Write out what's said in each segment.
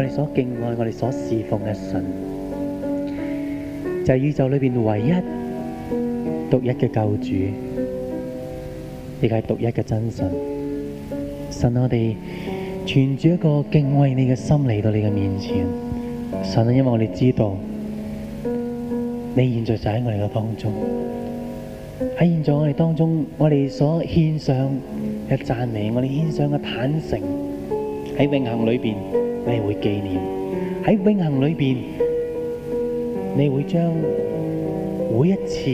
我哋所敬愛、我哋所侍奉嘅神，就係、是、宇宙裏邊唯一、獨一嘅救主，亦係獨一嘅真神。神，我哋存住一個敬畏你嘅心嚟到你嘅面前。神，因為我哋知道，你現在就喺我哋嘅當中。喺現在我哋當中，我哋所獻上嘅讚美，我哋獻上嘅坦誠，喺永恆裏邊。你會紀念喺永恒裏邊，你會將每一次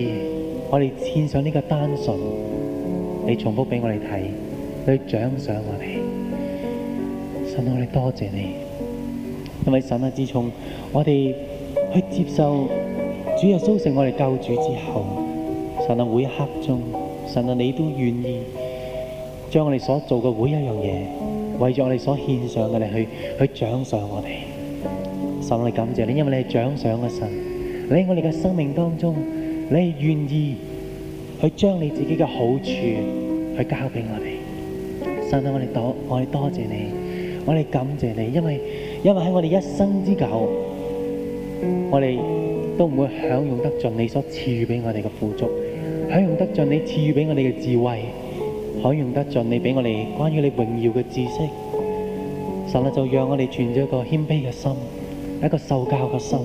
我哋獻上呢個單純，你重複俾我哋睇，你獎賞我哋。神啊，我哋多謝你，因為神啊自從我哋去接受主耶穌成我哋救主之後，神啊每一刻中，神啊你都願意將我哋所做嘅每一樣嘢。為咗我哋所獻上嘅力去去獎賞我哋，神，你感謝你，因為你係獎賞嘅神，你喺我哋嘅生命當中，你願意去將你自己嘅好處去交俾我哋，神，我哋多我哋多謝你，我哋感謝你，因為因為喺我哋一生之久，我哋都唔會享用得盡你所賜予俾我哋嘅富足，享用得盡你賜予俾我哋嘅智慧。可用得盡你俾我哋關於你榮耀嘅知識，神就讓我哋存咗一個謙卑嘅心，一個受教嘅心，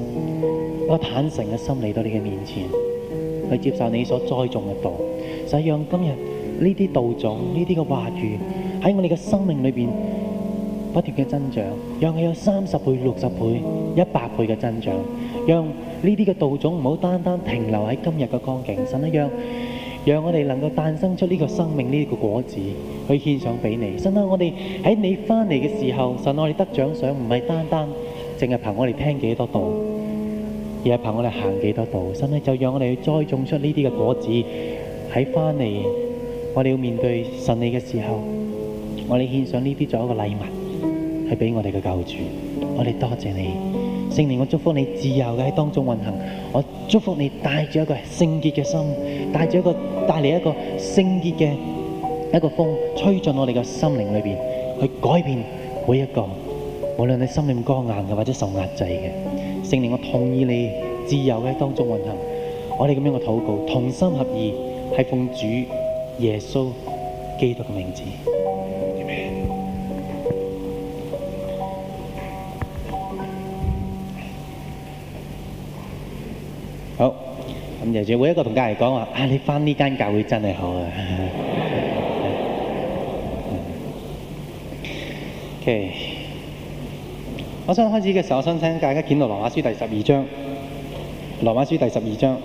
一個坦誠嘅心嚟到你嘅面前，去接受你所栽種嘅道。就係讓今日呢啲道種，呢啲嘅話語喺我哋嘅生命裏面不斷嘅增長，讓佢有三十倍、六十倍、一百倍嘅增長。讓呢啲嘅道種唔好單單停留喺今日嘅光景，神一樣讓我哋能夠誕生出呢個生命，呢個果子，去獻上俾你。神啊，我哋喺你翻嚟嘅時候，神啊，我哋得獎賞唔係單單淨係憑我哋聽幾多道，而係憑我哋行幾多道。神啊，就讓我哋去栽種出呢啲嘅果子，喺翻嚟我哋要面對神你嘅時候，我哋獻上呢啲作為一個禮物，係俾我哋嘅救主。我哋多謝你，聖靈，我祝福你自由嘅喺當中運行。我祝福你帶住一個聖潔嘅心，帶住一個。帶嚟一個聖潔嘅一個風，吹進我哋嘅心靈裏邊，去改變每一個，無論你心靈剛硬嘅或者受壓制嘅，聖靈，我同意你自由嘅當中運行。我哋咁樣嘅禱告，同心合意，係奉主耶穌基督嘅名字。尤其是每一個同隔籬講話啊，你返呢間教會真係好啊！OK，我想開始嘅時候，我想請大家見到羅馬書第十二章。羅馬書第十二章。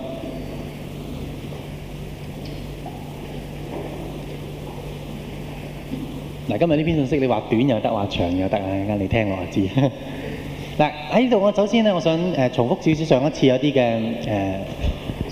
嗱，今日呢篇信息你話短又得，話長又得啊！陣間你聽我就知。嗱，喺呢度我首先咧，我想誒重複少少上一次有啲嘅誒。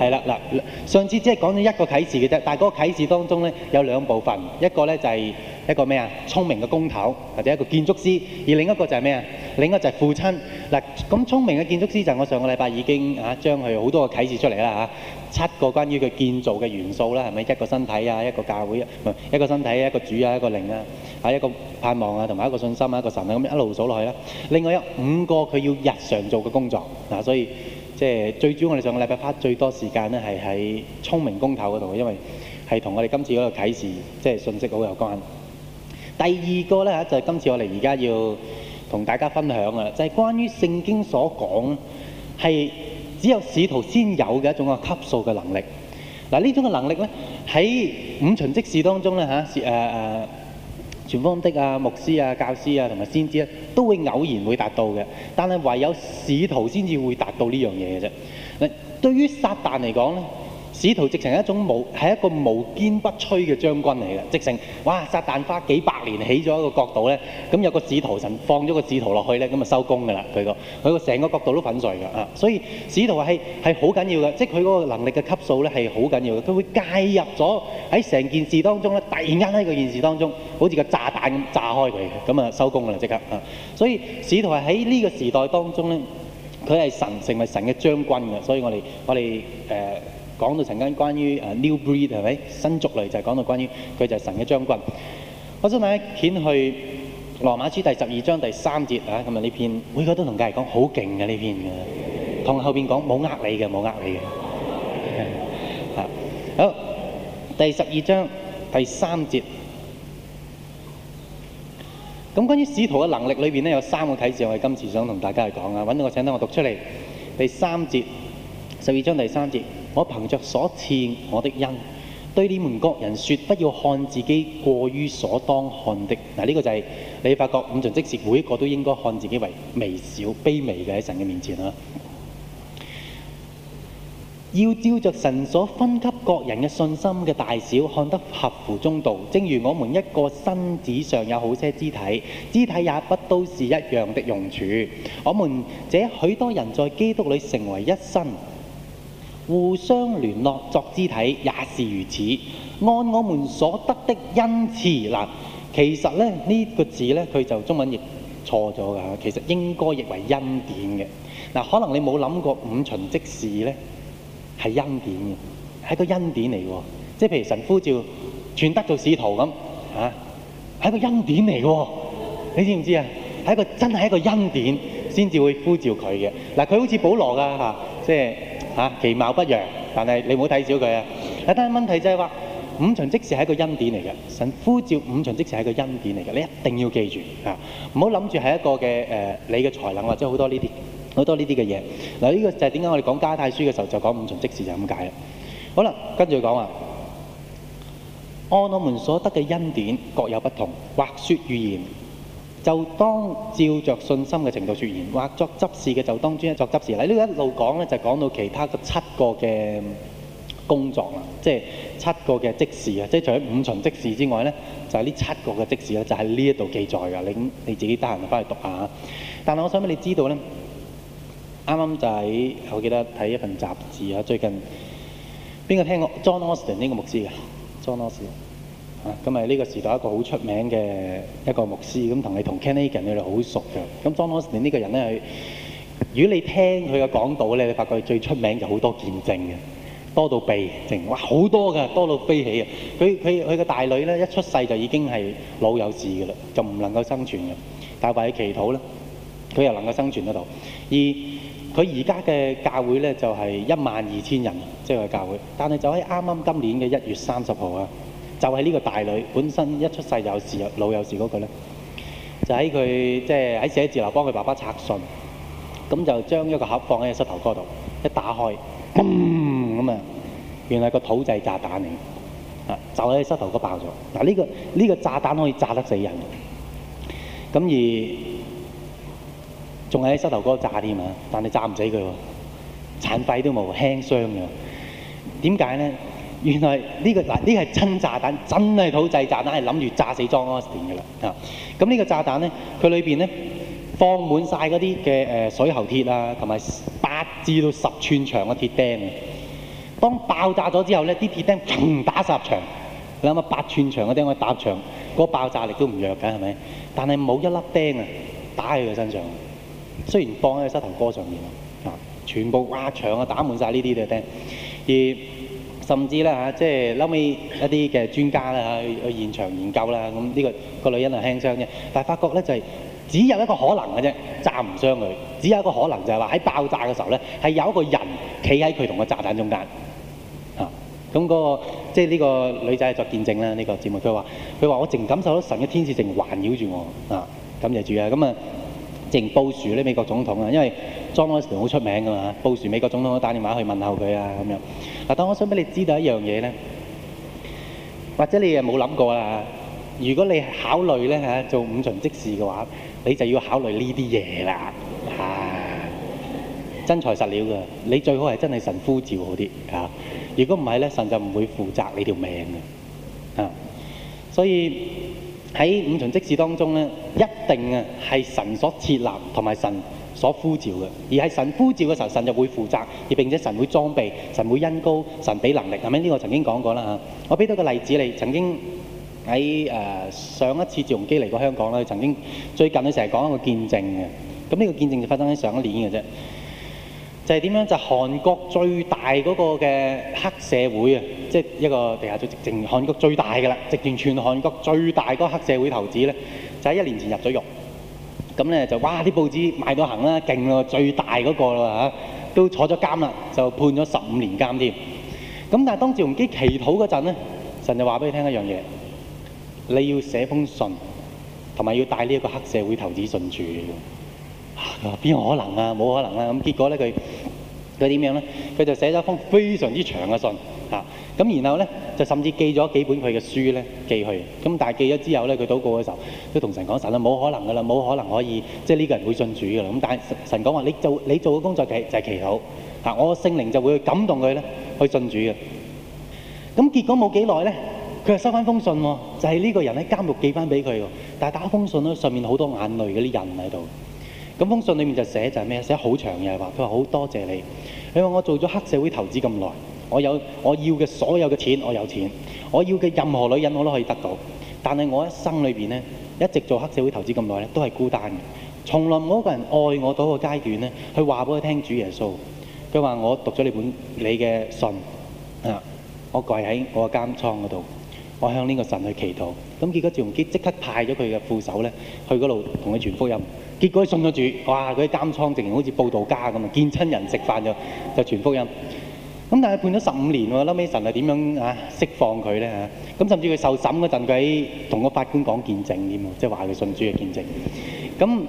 係啦，嗱，上次只係講咗一個啟示嘅啫，但係嗰個啟示當中咧有兩部分，一個咧就係一個咩啊，聰明嘅工頭或者一個建築師，而另一個就係咩啊？另一個就係父親。嗱，咁聰明嘅建築師就係我上個禮拜已經啊將佢好多個啟示出嚟啦嚇，七個關於佢建造嘅元素啦，係咪一個身體啊，一個教會啊，唔係一個身體，一個主一個啊，一個靈啊，啊一個盼望啊，同埋一個信心啊，一個神啊，咁一路數落去啦，啊。另外有五個佢要日常做嘅工作，嗱，啊，所以。即係最主要，我哋上個禮拜花最多時間咧，係喺聰明公投嗰度，因為係同我哋今次嗰個啟示，即係信息好有關。第二個咧嚇，就係今次我哋而家要同大家分享嘅，就係關於聖經所講，係只有使徒先有嘅一種嘅級數嘅能力。嗱，呢種嘅能力咧，喺五旬節時當中咧嚇，誒誒。全方的啊、牧師啊、教師啊同埋先知啊，都會偶然會達到嘅。但係唯有使徒先至會達到呢樣嘢嘅啫。嗱，對於撒旦嚟講咧。使徒直情係一種無係一個無堅不摧嘅將軍嚟嘅，直情哇！撒旦花幾百年起咗一個國度咧，咁有個使徒神放咗個使徒落去咧，咁啊收工㗎啦！佢個佢個成個國度都粉碎㗎啊！所以使徒係係好緊要嘅，即係佢嗰個能力嘅級數咧係好緊要嘅，佢會介入咗喺成件事當中咧，突然間喺個件事當中，好似個炸彈咁炸開佢，咁啊收工㗎啦，即刻啊！所以使徒係喺呢個時代當中咧，佢係神成為神嘅將軍嘅，所以我哋我哋誒。講到曾經關於啊 New Breed 係咪新族類，就係講到關於佢就係神嘅將軍。我想睇一編去羅馬書第十二章第三節啊。咁啊呢篇每個都同佢係講好勁嘅呢篇嘅，同後邊講冇呃你嘅，冇呃你嘅。啊好，第十二章第三節。咁關於使徒嘅能力裏邊咧有三個啟示，我今次想同大家嚟講啊。揾到個，請等我讀出嚟。第三節，十二章第三節。我憑着所賜我的恩，對你們各人說：不要看自己過於所當看的。嗱，呢個就係、是、你發覺，五旬節時每一個都應該看自己為微小卑微嘅喺神嘅面前。要照着神所分給各人嘅信心嘅大小，看得合乎中道。正如我們一個身子上有好些肢體，肢體也不都是一樣的用處。我們這許多人在基督裏成為一身。互相聯絡作肢體也是如此。按我們所得的恩賜嗱，其實咧呢、呢個字咧佢就中文譯錯咗㗎，其實應該譯為恩典嘅嗱。可能你冇諗過五旬即時咧係恩典嘅，係個恩典嚟㗎，即係譬如神呼召全得做使徒咁嚇，係一個恩典嚟㗎，你知唔知啊？係一個真係一個恩典先至會呼召佢嘅嗱，佢好似保羅啊嚇，即係。嚇、啊，其貌不揚，但係你唔好睇小佢啊！但係問題就係話五重職事係一個恩典嚟嘅，神呼召五重職事係一個恩典嚟嘅，你一定要記住啊！唔好諗住係一個嘅誒、呃，你嘅才能或者好多呢啲好多呢啲嘅嘢嗱。呢、啊呢個就係點解我哋講《加太書》嘅時候就講五重職事就咁解啦。好啦，跟住講啊，按我們所得嘅恩典各有不同，或說預言。就當照着信心嘅程度出現，或作執事嘅就當專一作執事。嗱，呢個一路講咧就係講到其他嘅七個嘅工作啦，即係七個嘅即事啊，即係除咗五旬即事之外咧，就係、是、呢七個嘅即事咧，就喺呢一度記載嘅。你你自己得閒翻去讀一下。但係我想俾你知道咧，啱啱就喺我記得睇一份雜誌啊，最近邊個聽過 John Austin 呢個牧師嘅？John Austin。啊，咁咪呢個時代一個好出名嘅一個牧師，咁同你同 Canadian 佢哋好熟嘅。咁 John Wesley 呢個人咧，如果你聽佢嘅講道咧，你發覺最出名的就好多見證嘅，多到悲靜，哇，好多㗎，多到飛起啊！佢佢佢個大女咧一出世就已經係老有事㗎啦，就唔能夠生存嘅，但係喺祈禱咧，佢又能夠生存得到。而佢而家嘅教會咧就係一萬二千人，即係佢教會。但係就喺啱啱今年嘅一月三十號啊！就係呢個大女本身一出世有事，老有事嗰、那個咧，就喺佢即係喺寫字樓幫佢爸爸拆信，咁就將一個盒放喺膝頭哥度，一打開，咁啊，原來係個土製炸彈嚟，啊，就喺膝頭哥爆咗。嗱、啊、呢、這個呢、這個炸彈可以炸得死人，咁而仲喺膝頭哥炸添啊，但係炸唔死佢喎，殘廢都冇輕傷㗎，點解咧？原來呢、這個嗱呢、這個、真炸彈，真係土製炸彈，係諗住炸死莊 Austin 啦。咁呢個炸彈咧，佢裏邊咧放滿晒嗰啲嘅水喉鐵啊，同埋八至到十寸長嘅鐵釘。當爆炸咗之後咧，啲鐵釘砰打十場，你諗下八寸長嘅釘，我打牆，嗰爆炸力都唔弱嘅，係咪？但係冇一粒釘啊，打喺佢身上。雖然放喺膝頭哥上面啊，全部挖牆啊打滿晒呢啲嘅釘，而。甚至啦嚇，即係後尾一啲嘅專家啦嚇，去現場研究啦，咁呢個個女人係輕傷啫。但係發覺咧就係只有一個可能嘅啫，炸唔傷佢。只有一個可能就係話喺爆炸嘅時候咧，係有一個人企喺佢同個炸彈中間啊。咁、那、嗰個即係呢個女仔作見證啦。呢、這個節目佢話佢話，我淨感受到神嘅天使正環繞住我啊，感謝主啊！咁啊，淨部署咧美國總統啊，因為。裝嗰時好出名㗎嘛，布殊美國總統都打電話去問候佢啊咁樣。嗱，但我想俾你知道一樣嘢咧，或者你誒冇諗過啦。如果你考慮咧嚇做五旬節職事嘅話，你就要考慮呢啲嘢啦嚇，真材實料㗎。你最好係真係神呼召好啲嚇。如果唔係咧，神就唔會負責你條命㗎。啊，所以喺五旬節職事當中咧，一定啊係神所設立同埋神，所呼召嘅，而係神呼召嘅時候，神就會負責，而並且神會裝備，神會恩膏，神俾能力，係咪？呢個曾經講過啦嚇。我俾到個例子你，曾經喺誒、呃、上一次趙容基嚟過香港啦，佢曾經最近佢成日講一個見證嘅。咁、這、呢個見證就發生喺上一年嘅啫，就係、是、點樣？就韓、是、國最大嗰個嘅黑社會啊，即、就、係、是、一個地下組織，淨、就、韓、是、國最大嘅啦，直、就、情、是、全韓國最大嗰黑社會頭子咧，就喺、是、一年前入咗獄。咁咧就哇啲報紙買到行啦，勁咯，最大嗰個啦嚇都坐咗監啦，就判咗十五年監添。咁但係當趙弘基祈禱嗰陣咧，神就話畀你聽一樣嘢：你要寫封信，同埋要帶呢一個黑社會頭子信主。啊，邊有可能啊？冇可能啊！咁結果咧，佢佢點樣咧？佢就寫咗封非常之長嘅信。咁、啊、然後咧就甚至寄咗幾本佢嘅書咧寄去，咁但係寄咗之後咧，佢禱告嘅時候都同神講：神啊，冇可能噶啦，冇可能可以即係呢個人會信主噶啦。咁但係神講話：你做你做嘅工作就就係祈禱，啊，我嘅聖靈就會去感動佢咧去信主嘅。咁、啊、結果冇幾耐咧，佢就收翻封信喎，就係、是、呢個人喺監獄寄翻俾佢喎。但係打封信咧，上面好多眼淚嗰啲印喺度。咁封信裡面就寫就係咩？寫好長嘅，話佢話好多謝你。你話我做咗黑社會投資咁耐。我有我要嘅所有嘅錢，我有錢。我要嘅任何女人，我都可以得到。但係我一生裏邊呢，一直做黑社會投資咁耐咧，都係孤單嘅。從來冇一個人愛我到個階段呢，佢話俾我聽主耶穌。佢話我讀咗你本你嘅信啊，我跪喺我嘅監倉嗰度，我向呢個神去祈禱。咁結果趙容基即刻派咗佢嘅副手呢去嗰度同佢傳福音。結果佢信咗主，哇！佢啲監倉正如好似佈道家咁啊，見親人食飯就就傳福音。咁但係判咗十五年喎，嬲尾神係點樣釋放佢呢？咁甚至佢受審嗰陣，佢同個法官講見證添喎，即話佢信主嘅見證。咁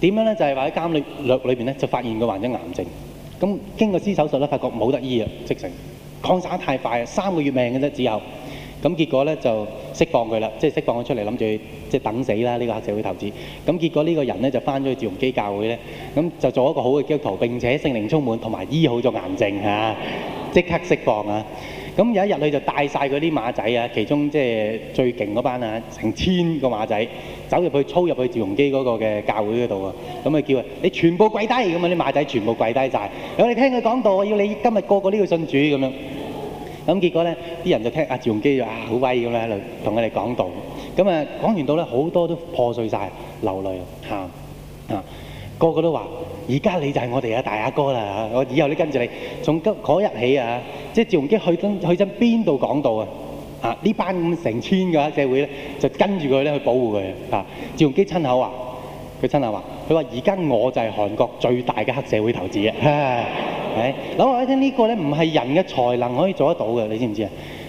點樣呢？就係話喺監獄裏面就發現佢患咗癌症。咁經過私手術咧，發覺冇得醫啊，即成擴散太快啊，三個月命嘅啫只有。咁結果咧就釋放佢啦，即係釋放佢出嚟，諗住即係等死啦。呢、呢個黑社會投資。咁結果呢個人咧就返咗去趙鏞基教會咧，咁就做了一個好嘅基督徒，並且聖靈充滿，同埋醫好咗癌症嚇，即刻釋放啊！咁有一日佢就帶晒佢啲馬仔啊，其中即係最勁嗰班啊，成千個馬仔走入去，操入去趙鏞基嗰個嘅教會嗰度啊，咁啊叫啊，你全部跪低，咁啊啲馬仔全部跪低晒。我哋聽佢講道，我要你今日過過個個都要信主咁樣。咁結果咧，啲人就聽阿趙容基啊，好威咁樣，喺度同佢哋講道。咁啊講完道咧，好多都破碎晒，流淚啊啊！個個都話：而家你就係我哋嘅大阿哥啦嚇！我以後都跟住你。從今嗰日起啊，即係趙容基去得去親邊度講道啊？啊！呢班咁成村嘅社會咧，就跟住佢咧去保護佢啊！趙容基親口話，佢親口話。佢話：而家我就係韓國最大嘅黑社會頭子啊！諗我聽呢、呢個呢，唔係人嘅才能可以做得到嘅，你知唔知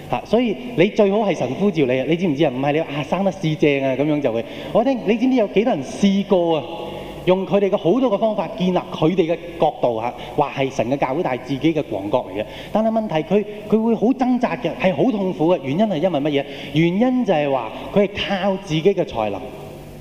啊？所以你最好係神呼召你，你知唔知道？唔係你、啊、生得四正啊咁樣就會。我聽你,你知唔知道有幾多人試過啊？用佢哋嘅好多個方法建立佢哋嘅國度嚇，話係神嘅教會，但係自己嘅王國嚟嘅。但係問題是他佢會好掙扎嘅，係好痛苦嘅。原因係因為乜嘢？原因就係話佢係靠自己嘅才能。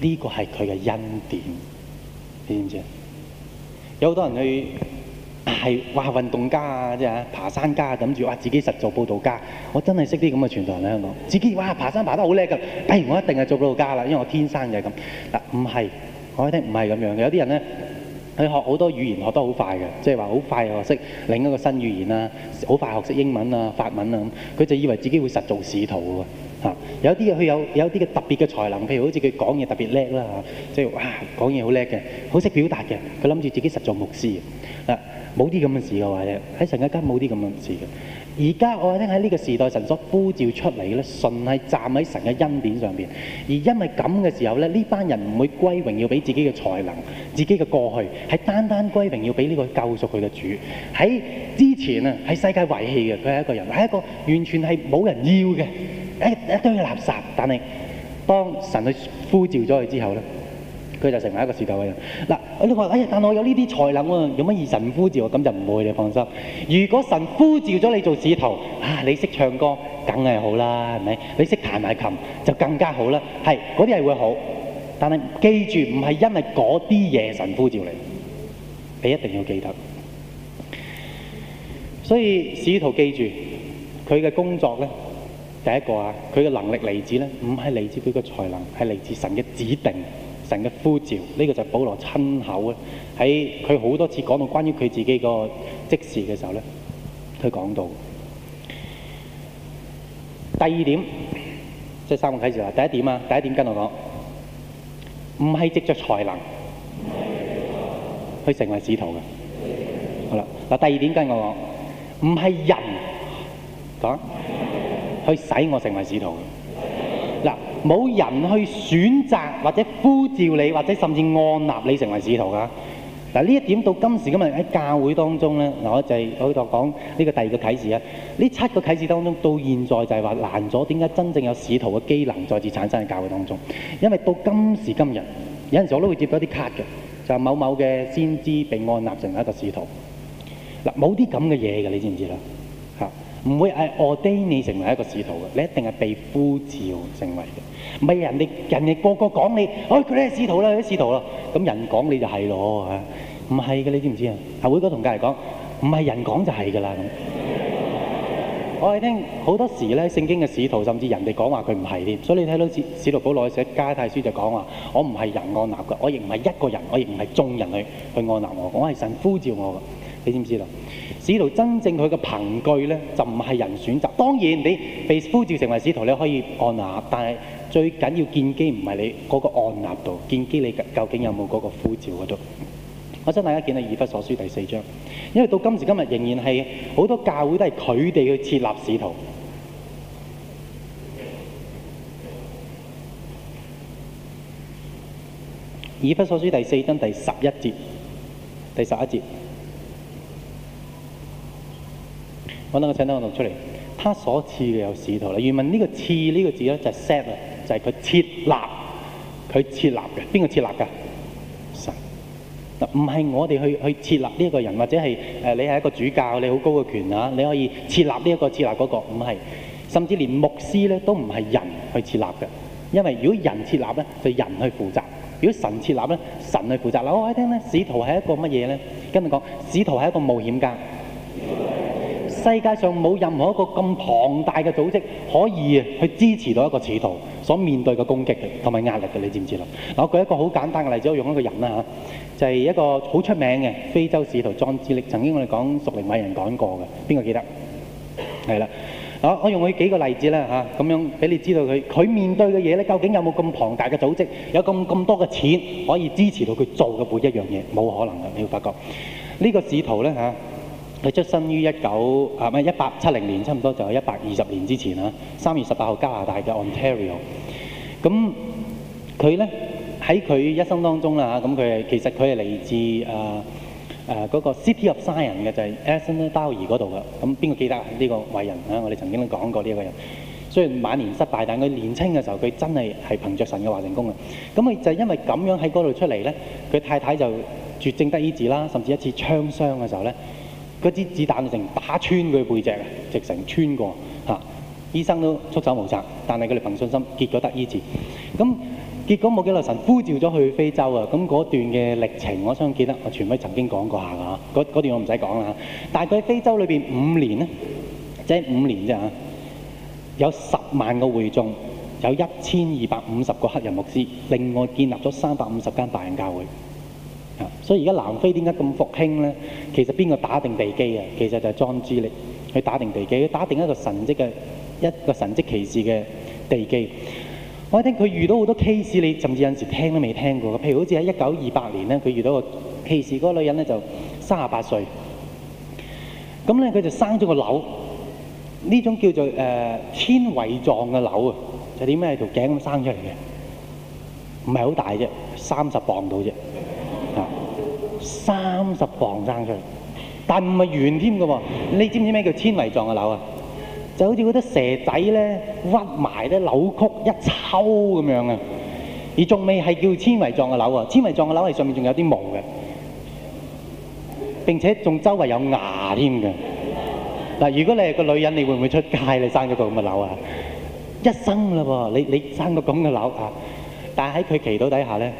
呢個係佢嘅恩典，你知唔知啊？有好多人去係話運動家啊，即係爬山家，諗住哇自己實做報道家。我真係識啲咁嘅傳道人咧，香港自己哇爬山爬得好叻㗎，如、哎、我一定係做報道家啦，因為我天生就係咁。嗱唔係，我一定唔係咁樣。有啲人咧，佢學好多語言學得好快嘅，即係話好快學識另一個新語言啦，好快學識英文啊法文啊咁，佢就以為自己會實做使徒喎。有啲嘢佢有有啲嘅特別嘅才能，譬如好似佢講嘢特別叻啦嚇，即係哇講嘢好叻嘅，好識表達嘅。佢諗住自己實做牧師。嗱，冇啲咁嘅事嘅話咧，喺神一間冇啲咁嘅事嘅。而家我聽喺呢個時代神所呼召出嚟咧，純係站喺神嘅恩典上邊。而因為咁嘅時候咧，呢班人唔會歸榮耀俾自己嘅才能、自己嘅過去，係單單歸榮耀俾呢個救贖佢嘅主。喺之前啊，係世界遺棄嘅，佢係一個人，係一個完全係冇人要嘅。一一堆嘅垃圾，但係當神去呼召咗佢之後咧，佢就成為一個使徒嘅人。嗱，你話哎呀，但我有呢啲才能喎，有乜以神呼召？咁就唔會，你放心。如果神呼召咗你做使徒，啊，你識唱歌，梗係好啦，係咪？你識彈下琴，就更加好啦。係嗰啲係會好，但係記住唔係因為嗰啲嘢神呼召你，你一定要記得。所以使徒記住佢嘅工作咧。第一個啊，佢嘅能力嚟自咧，唔係嚟自佢嘅才能，係嚟自神嘅指定、神嘅呼召。呢個就係保羅親口啊，喺佢好多次講到關於佢自己個職事嘅時候咧，佢講到。第二點，即係三個啟示啊。第一點啊，第一點跟我講，唔係藉着才能去成為使徒嘅。好啦，嗱第二點跟我講，唔係人講。去使我成為使徒嗱，冇人去選擇或者呼召你，或者甚至按納你成為使徒噶。嗱呢一點到今時今日喺教會當中咧，我就係我繼續講呢個第二個啟示啊。呢七個啟示當中，到現在就係話難咗，點解真正有使徒嘅機能再次產生喺教會當中？因為到今時今日，有陣時我都會接到啲卡嘅，就係某某嘅先知被按納成為一個使徒。嗱冇啲咁嘅嘢嘅，你知唔知啦？唔會 ordain 你成為一個使徒嘅，你一定係被呼召成為嘅。唔係人哋人哋個個講你，哎佢哋係使徒啦，啲使徒啦，咁人講你就係囉，唔係嘅你知唔知啊？阿會哥同隔籬講，唔係人講就係㗎啦。我係聽好多時咧，聖經嘅使徒甚至人哋講話佢唔係添，所以你睇到《使使徒保羅》寫《加太書》就講話，我唔係人按立嘅，我亦唔係一個人，我亦唔係眾人去去按立我，我係神呼召我嘅。你知唔知道？使徒真正佢嘅憑據咧，就唔係人選擇。當然，你被呼召成為使徒，你可以按立，但係最緊要建基唔係你嗰個按立度，建基你究竟有冇嗰個呼召嗰度？我想大家見到《以弗所書》第四章，因為到今時今日仍然係好多教會都係佢哋去設立使徒。《以弗所書》第四章第十一節，第十一節。我等我請啲我讀出嚟，他所賜嘅有使徒啦。原文呢個賜呢個字咧就 set 啊，就係佢設立，佢設立嘅邊個設立㗎？神嗱唔係我哋去去設立呢一個人，或者係誒你係一個主教，你好高嘅權啊，你可以設立呢一個設立嗰個，唔係，甚至連牧師咧都唔係人去設立嘅，因為如果人設立咧，就人去負責；如果神設立咧，神去負責。嗱我喺聽咧，使徒係一個乜嘢咧？跟住講，使徒係一個冒險家。世界上冇任何一個咁龐大嘅組織可以去支持到一個使徒所面對嘅攻擊同埋壓力嘅，你知唔知啦？我舉一個好簡單嘅例子，我用一個人啦嚇，就係、是、一個好出名嘅非洲使徒莊志力，曾經我哋講屬靈偉人講過嘅，邊個記得？係啦，我我用佢幾個例子啦嚇，咁樣俾你知道佢佢面對嘅嘢咧，究竟有冇咁龐大嘅組織，有咁咁多嘅錢可以支持到佢做嘅每一樣嘢？冇可能嘅，你要發覺呢、這個使徒咧嚇。佢出身於一九啊唔係一八七零年，差唔多就係一百二十年之前啦。三月十八號，加拿大嘅 Ontario。咁佢咧喺佢一生當中啦嚇，咁佢係其實佢係嚟自啊啊嗰個 City of Zion 嘅就係 Alexander Dowie 嗰度噶。咁邊個記得呢個偉人啊？我哋曾經都講過呢一個人。雖然晚年失敗，但佢年青嘅時候，佢真係係憑着神嘅話成功嘅。咁佢就因為咁樣喺嗰度出嚟咧，佢太太就絕症得醫治啦，甚至一次槍傷嘅時候咧。一支子彈成打穿佢背脊啊！直成穿過嚇、啊，醫生都束手無策。但係佢哋憑信心結果得醫治。咁結果冇幾耐，神呼召咗去非洲啊！咁嗰段嘅歷程，我想記得，我傳威曾經講過下㗎，嗰段我唔使講啦。但係佢喺非洲裏邊五年咧，即係五年咋？嚇，有十萬個會眾，有一千二百五十個黑人牧師，另外建立咗三百五十間大型教會。所以而家南非點解咁復興咧？其實邊個打定地基啊？其實就係莊志力去打定地基，打定一個神跡嘅一個神跡奇事嘅地基。我一聽佢遇到好多 case，你甚至有陣時聽都未聽過，譬如好似喺一九二八年咧，佢遇到個奇事，嗰個女人咧就三十八歲，咁咧佢就生咗個瘤，呢種叫做誒纖維狀嘅瘤啊，就點喺條頸咁生出嚟嘅，唔係好大啫，三十磅度啫。三十磅生出嚟，但唔係圓添嘅喎。你知唔知咩叫纖維狀嘅樓啊？就好似嗰啲蛇仔咧屈埋咧扭曲一抽咁樣啊。而仲未係叫纖維狀嘅樓啊，纖維狀嘅樓係上面仲有啲毛嘅，並且仲周圍有牙添嘅。嗱，如果你係個女人，你會唔會出街你生咗個咁嘅樓啊？一生嘞喎，你你生個咁嘅樓啊，但係喺佢祈禱底下咧。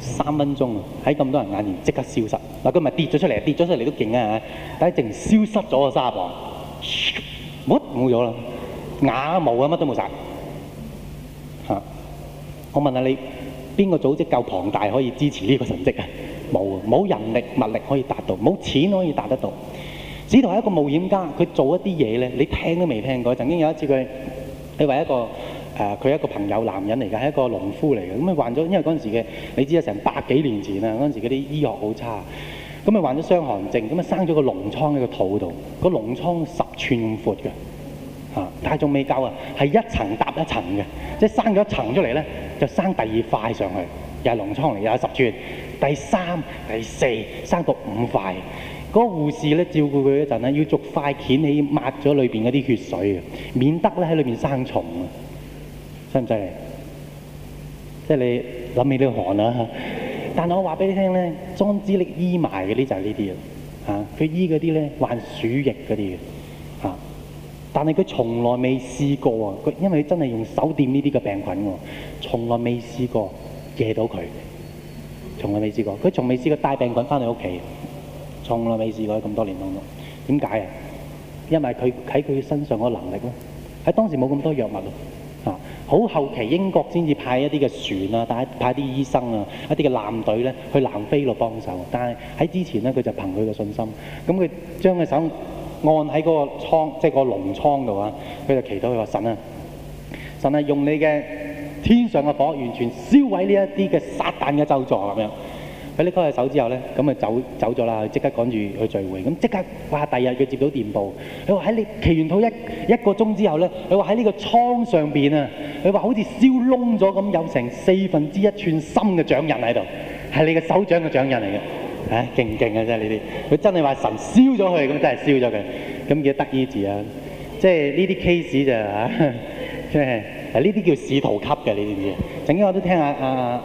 三分鐘啊！喺咁多人眼前即刻消失，嗱佢咪跌咗出嚟，跌咗出嚟都勁啊嚇！但係淨消失咗個沙博，冇冇咗啦，牙冇啊，乜都冇晒。嚇！我問下你，邊個組織夠龐大可以支持呢個神蹟啊？冇，冇人力物力可以達到，冇錢可以達得到。使徒係一個冒險家，佢做一啲嘢咧，你聽都未聽過。曾經有一次佢，你為一個。係佢一個朋友，男人嚟嘅，係一個農夫嚟嘅。咁啊，患咗因為嗰陣時嘅你知啊，成百幾年前啊，嗰陣時嗰啲醫學好差。咁啊，患咗傷寒症，咁啊生咗個膿瘡喺個肚度，個膿瘡十寸咁闊嘅，啊！但係仲未夠啊，係一層搭一層嘅，即係生咗一層出嚟咧，就生第二塊上去，又係膿瘡嚟，又係十寸。第三、第四生到五塊，嗰、那個護士咧照顧佢一陣咧，要逐塊剷起，抹咗裏邊嗰啲血水嘅，免得咧喺裏邊生蟲啊。犀唔犀利？即係你諗起呢個寒啦 但我話俾你聽咧，莊子力醫埋嘅、啊、呢就係呢啲啊嚇。佢醫嗰啲咧患鼠疫嗰啲嘅嚇，但係佢從來未試過啊！佢因為佢真係用手掂呢啲嘅病菌喎，從來未試過借到佢，從來未試過。佢從未試過帶病菌翻嚟屋企，從來未試過咁多年當中。點解啊？因為佢喺佢身上個能力咯，喺當時冇咁多藥物。好後期英國先至派一啲嘅船啊，帶派啲醫生啊，一啲嘅艦隊咧去南非度幫手，但係喺之前咧佢就憑佢嘅信心，咁佢將佢手按喺嗰個倉，即係個籠倉度啊，佢就祈禱佢話神啊，神啊用你嘅天上嘅火，完全燒毀呢一啲嘅撒旦嘅咒詛咁樣。佢拎開隻手之後咧，咁咪走走咗啦，即刻趕住去聚會。咁即刻哇，第二日佢接到電報，佢話喺你祈完禱一一個鐘之後咧，佢話喺呢個倉上邊啊，佢話好似燒燶咗咁，有成四分之一寸深嘅掌印喺度，係你嘅手掌嘅掌印嚟嘅。嚇、哎，勁唔勁啊？真係呢啲，佢真係話神燒咗佢，咁真係燒咗佢。咁幾得意字啊，即係呢啲 case 咋？即係呢啲叫使徒級嘅，你知唔知？曾經我都聽下阿阿、啊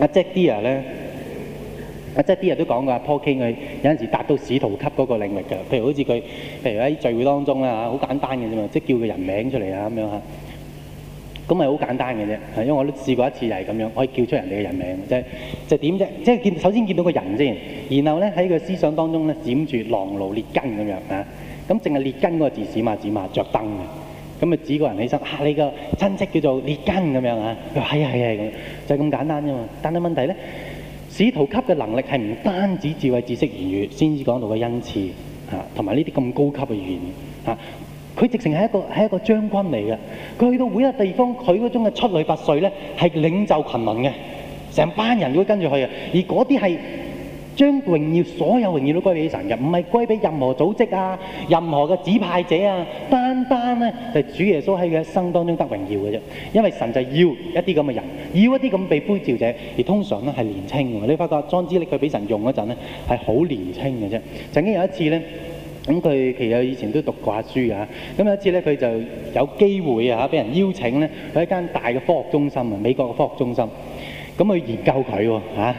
啊、Jack Deere 咧。即係啲人都講過阿 King 佢有陣時達到使徒級嗰個領域㗎，譬如好似佢，譬如喺聚會當中啦好簡單嘅啫嘛，即係叫個人名出嚟啊咁樣嚇，咁咪好簡單嘅啫，因為我都試過一次，就係咁樣，可以叫出人哋嘅人名，即係就點啫？即係見首先見到個人先，然後咧喺佢思想當中咧閃住朗奴列根咁樣啊。咁淨係列根嗰個字指嘛指嘛，着燈嘅，咁咪指個人起身嚇，啊，你個親戚叫做列根咁樣嚇，話係啊係啊，就係咁簡單啫嘛，但係問題咧。使徒級嘅能力係唔單止智慧知識而、言語先至講到嘅恩賜，嚇，同埋呢啲咁高級嘅嘢嚇。佢直情係一個將軍來的他嚟嘅，佢去到每一個地方，佢嗰種嘅出類拔萃咧，係領袖群民嘅，成班人都跟住佢啊，而嗰啲係將榮耀所有榮耀都歸俾神嘅，唔係歸俾任何組織啊，任何嘅指派者啊，單單呢、啊，就是、主耶穌喺佢一生當中得榮耀嘅啫。因為神就係要一啲咁嘅人，要一啲咁被呼召者，而通常呢係年輕，你發覺莊之力佢俾神用嗰陣咧係好年輕嘅啫。曾經有一次呢，咁佢其實以前都讀過書嘅。咁有一次呢，佢就有機會啊俾人邀請咧，去一間大嘅科學中心啊，美國嘅科學中心，咁去研究佢喎、哦啊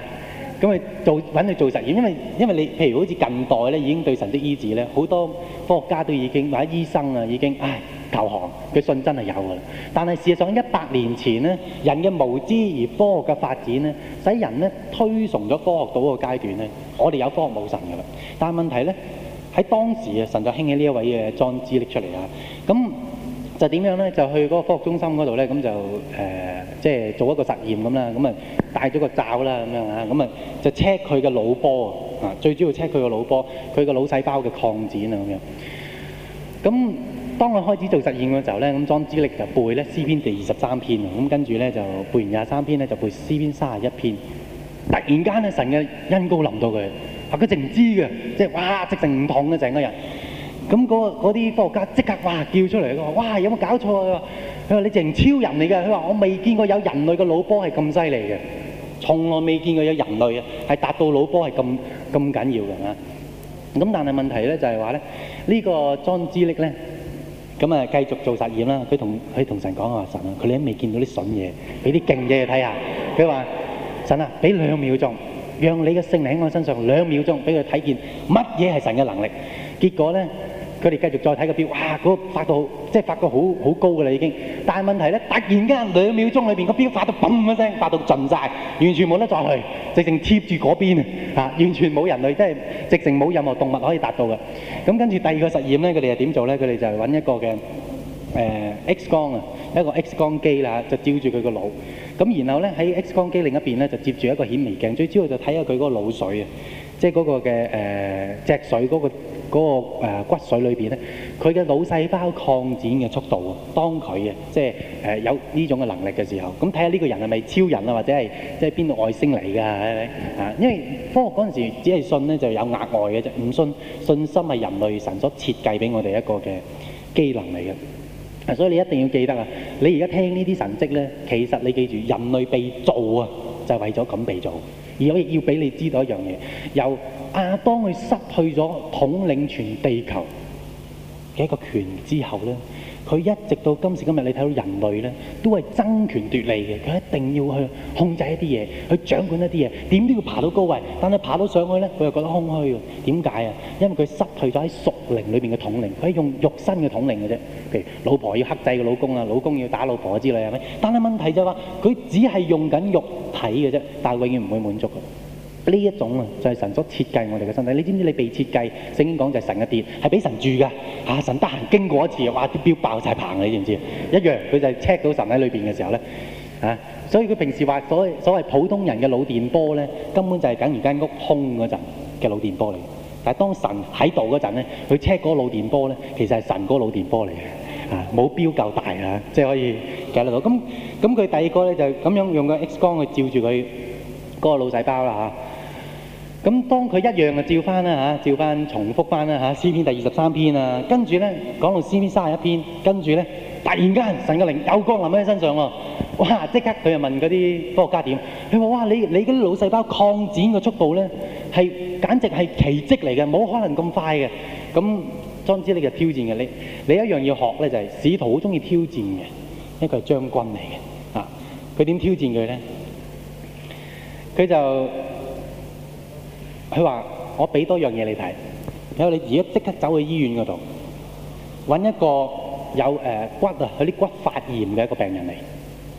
咁去做揾佢做實驗，因為因為你譬如好似近代咧，已經對神的醫治咧，好多科學家都已經或者醫生啊已經唉投降，佢信真係有噶啦。但係事實上一百年前咧，人嘅無知而科學嘅發展咧，使人咧推崇咗科學到一個階段咧，我哋有科學冇神噶啦。但係問題咧喺當時啊，神就興起呢一位嘅莊子力出嚟啊，咁。就點樣咧？就去嗰個科學中心嗰度咧，咁就誒、呃，即係做一個實驗咁啦。咁啊，戴咗個罩啦，咁樣嚇。咁啊，就 check 佢嘅腦波啊，最主要 check 佢嘅腦波，佢嘅腦細胞嘅擴展啊，咁樣。咁當佢開始做實驗嘅時候咧，咁莊之力就背咧《詩篇》第二十三篇，咁跟住咧就背完廿三篇咧，就背、C《詩篇》三十一篇。突然間咧，神嘅恩膏臨到佢，啊！佢唔知嘅，即係哇！直情唔痛嘅，整個人。咁嗰個嗰啲科學家即刻哇叫出嚟，佢話：哇有冇搞錯啊？佢話你成超人嚟嘅，佢話我未見過有人類嘅腦波係咁犀利嘅，從來未見過有人類啊係達到腦波係咁咁緊要嘅嚇。咁但係問題咧就係話咧呢個莊志力咧，咁啊繼續做實驗啦。佢同佢同神講話神，佢哋都未見到啲筍嘢，俾啲勁嘢佢睇下。佢話神啊，俾兩秒鐘，讓你嘅聖靈喺我身上兩秒鐘，俾佢睇見乜嘢係神嘅能力。結果咧。佢哋繼續再睇個表，哇！嗰個發到即係發到好好高㗎啦已經。但係問題咧，突然間兩秒鐘裏邊個表發到嘣一聲，發到盡曬，完全冇得再去，直情貼住嗰邊啊！完全冇人類，即係直情冇任何動物可以達到嘅。咁跟住第二個實驗咧，佢哋係點做咧？佢哋就揾一個嘅誒 X 光啊，一個 X 光機啦，就照住佢個腦。咁然後咧喺 X 光機另一邊咧，就接住一個顯微鏡，最之後就睇下佢嗰個腦水啊！即係嗰個嘅誒、呃、脊髓嗰、那個嗰、那個呃、骨髓裏邊咧，佢嘅腦細胞擴展嘅速度啊，當佢嘅即係誒有呢種嘅能力嘅時候，咁睇下呢個人係咪超人啊？或者係即係邊度外星嚟㗎、啊？係咪啊？因為科學嗰陣時只係信咧就有額外嘅啫，唔信信心係人類神所設計俾我哋一個嘅機能嚟嘅。所以你一定要記得啊！你而家聽這些跡呢啲神蹟咧，其實你記住，人類被造啊，就係、是、為咗咁被造。而我亦要畀你知道一樣嘢，由亞當佢失去咗統領全地球嘅一個權之後咧。佢一直到今時今日，你睇到人類咧，都係爭權奪利嘅。佢一定要去控制一啲嘢，去掌管一啲嘢，點都要爬到高位。但係爬到上去咧，佢又覺得空虛嘅。點解啊？因為佢失去咗喺屬靈裏邊嘅統領，佢係用肉身嘅統領嘅啫。譬如老婆要克制個老公啊，老公要打老婆之類係咪？但係問題就係話，佢只係用緊肉體嘅啫，但係永遠唔會滿足佢。呢一種就係神所設計我哋嘅身體。你知唔知你被設計？正經講就係神嘅殿，係俾神住㗎、啊。神得閒經過一次，哇！啲表爆曬棚，你知唔知？一樣，佢就係 check 到神喺裏面嘅時候呢、啊。所以佢平時話所所謂普通人嘅腦電波呢，根本就係等如間屋空嗰陣嘅腦電波嚟。但係當神喺度嗰陣咧，佢 check 嗰個腦電波呢，其實係神嗰個腦電波嚟嘅。嚇，冇表夠大啊，即係、啊就係、可以睇得到。咁佢第二個呢，就咁樣用個 X 光去照住佢嗰個腦細胞啦。咁當佢一樣嘅照翻啦、啊、照翻重複翻啦嚇，詩篇第二十三篇啊，跟住咧講到詩篇三十一篇，跟住咧突然間神嘅靈又降臨喺身上喎，哇！即刻佢又問嗰啲科學家點，佢話：哇！你你嗰啲腦細胞擴展嘅速度咧，係簡直係奇蹟嚟嘅，冇可能咁快嘅。咁總之你就挑戰嘅，你你一樣要學咧就係、是、使徒好中意挑戰嘅，一個係將軍嚟嘅，啊！佢點挑戰佢咧？佢就。佢話：我俾多樣嘢你睇，睇下，你而家即刻走去醫院嗰度，揾一個有誒、呃、骨啊，佢啲骨發炎嘅一個病人嚟，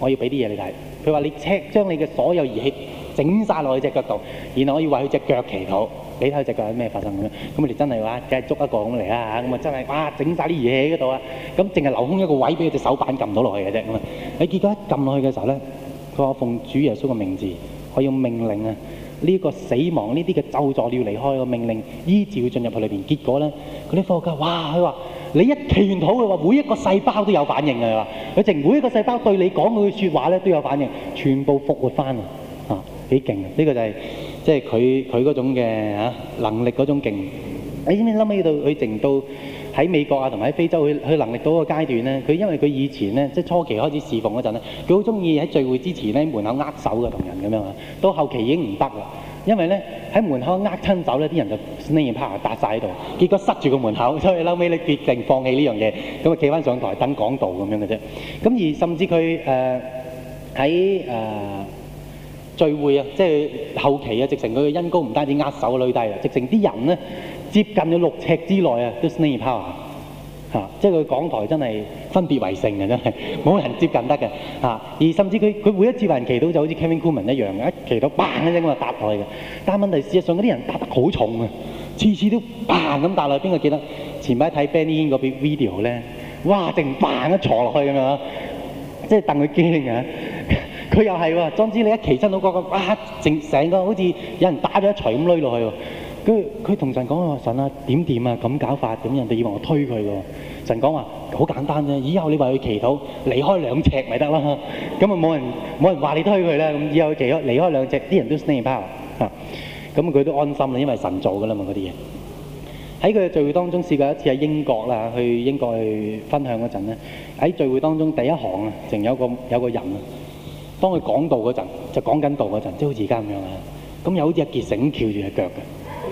我要俾啲嘢你睇。佢話：你赤將你嘅所有儀器整晒落去隻腳度，然後我要為佢隻腳祈禱。你睇佢隻腳有咩發生咁樣？咁我哋真係話，梗係捉一個咁嚟啦嚇，咁啊真係哇，整晒啲儀器喺度啊，咁淨係留空一個位俾佢隻手板撳到落去嘅啫咁啊！你結果一撳落去嘅時候咧，佢話奉主耶穌嘅名字，我要命令啊！呢個死亡呢啲嘅咒詛要離開個命令，依照進入去裏面。結果咧，嗰啲科學家哇，佢話你一祈完禱，佢話每一個細胞都有反應嘅，佢話佢成每一個細胞對你講佢嘅説話咧都有反應，全部復活翻啊，幾勁，這個就是就是，啊！呢個就係即係佢佢嗰種嘅能力嗰種勁。你知唔知？諗起佢成到。喺美國啊，同埋喺非洲，佢佢能力到個階段咧，佢因為佢以前咧，即係初期開始侍奉嗰陣咧，佢好中意喺聚會之前咧，門口握手嘅同人咁樣啊。到後期已經唔得啦，因為咧喺門口握親手咧，啲人就呢兒啪打曬喺度，結果塞住個門口，所以嬲尾你決定放棄呢樣嘢，咁啊企翻上台等講道咁樣嘅啫。咁而甚至佢誒喺誒聚會啊，即係後期啊，直情佢嘅恩膏唔單止握手女低啊，直情啲人咧。接近咗六尺之內啊，都 snipe power 嚇，即係佢講台真係分別為聖嘅，真係冇人接近得嘅嚇、啊。而甚至佢佢每一次有人祈禱就好似 Kevin Coleman 一樣嘅，一祈禱 bang 一聲咁就搭落去嘅。但係問題事實上嗰啲人搭得好重啊，次次都 bang 咁搭落去。邊個記得前排睇 Benny Hinn 嗰邊 video 咧，哇，成 bang 一坐落去咁啊，即係戥佢驚啊！佢又係喎，總之你一騎身到嗰、那個，哇，整成個,整個好似有人打咗一錘咁攣落去喎。佢佢同神講話，神啊，點掂啊咁搞法，咁人哋以為我推佢㗎喎。神講話好簡單啫，以後你話去祈禱，離開兩尺咪得啦。咁啊冇人冇人話你推佢啦。咁以後祈禱離開兩尺，啲人都 stand up 嚇，咁佢都安心啦，因為神做㗎啦嘛嗰啲嘢。喺佢嘅聚會當中試過一次喺英國啦，去英國去分享嗰陣咧，喺聚會當中第一行啊，淨有個有個人啊，當佢講道嗰陣就講緊道嗰陣，即係好似而家咁樣啊。咁又好似一結繩翹住隻腳嘅。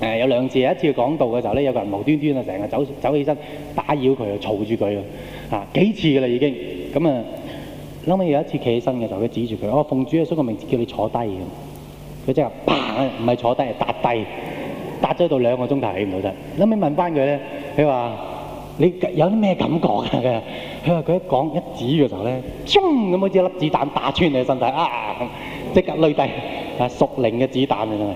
誒有兩次，一次講道嘅時候咧，有個人無端端啊，成日走走起身打擾佢，嘈住佢啊，幾次噶啦已經，咁啊，諗起有一次企起身嘅時候，佢指住佢，我、哦、奉主嘅穌嘅名字叫你坐低嘅，佢即係啪，唔係坐低，係搭低，搭咗喺度兩個鐘就起唔到身，諗起問翻佢咧，佢話你有啲咩感覺啊？佢話佢一講一指嘅時候咧，咁好似一粒子彈打穿你嘅身體，啊，即刻累低，啊，屬靈嘅子彈啊真係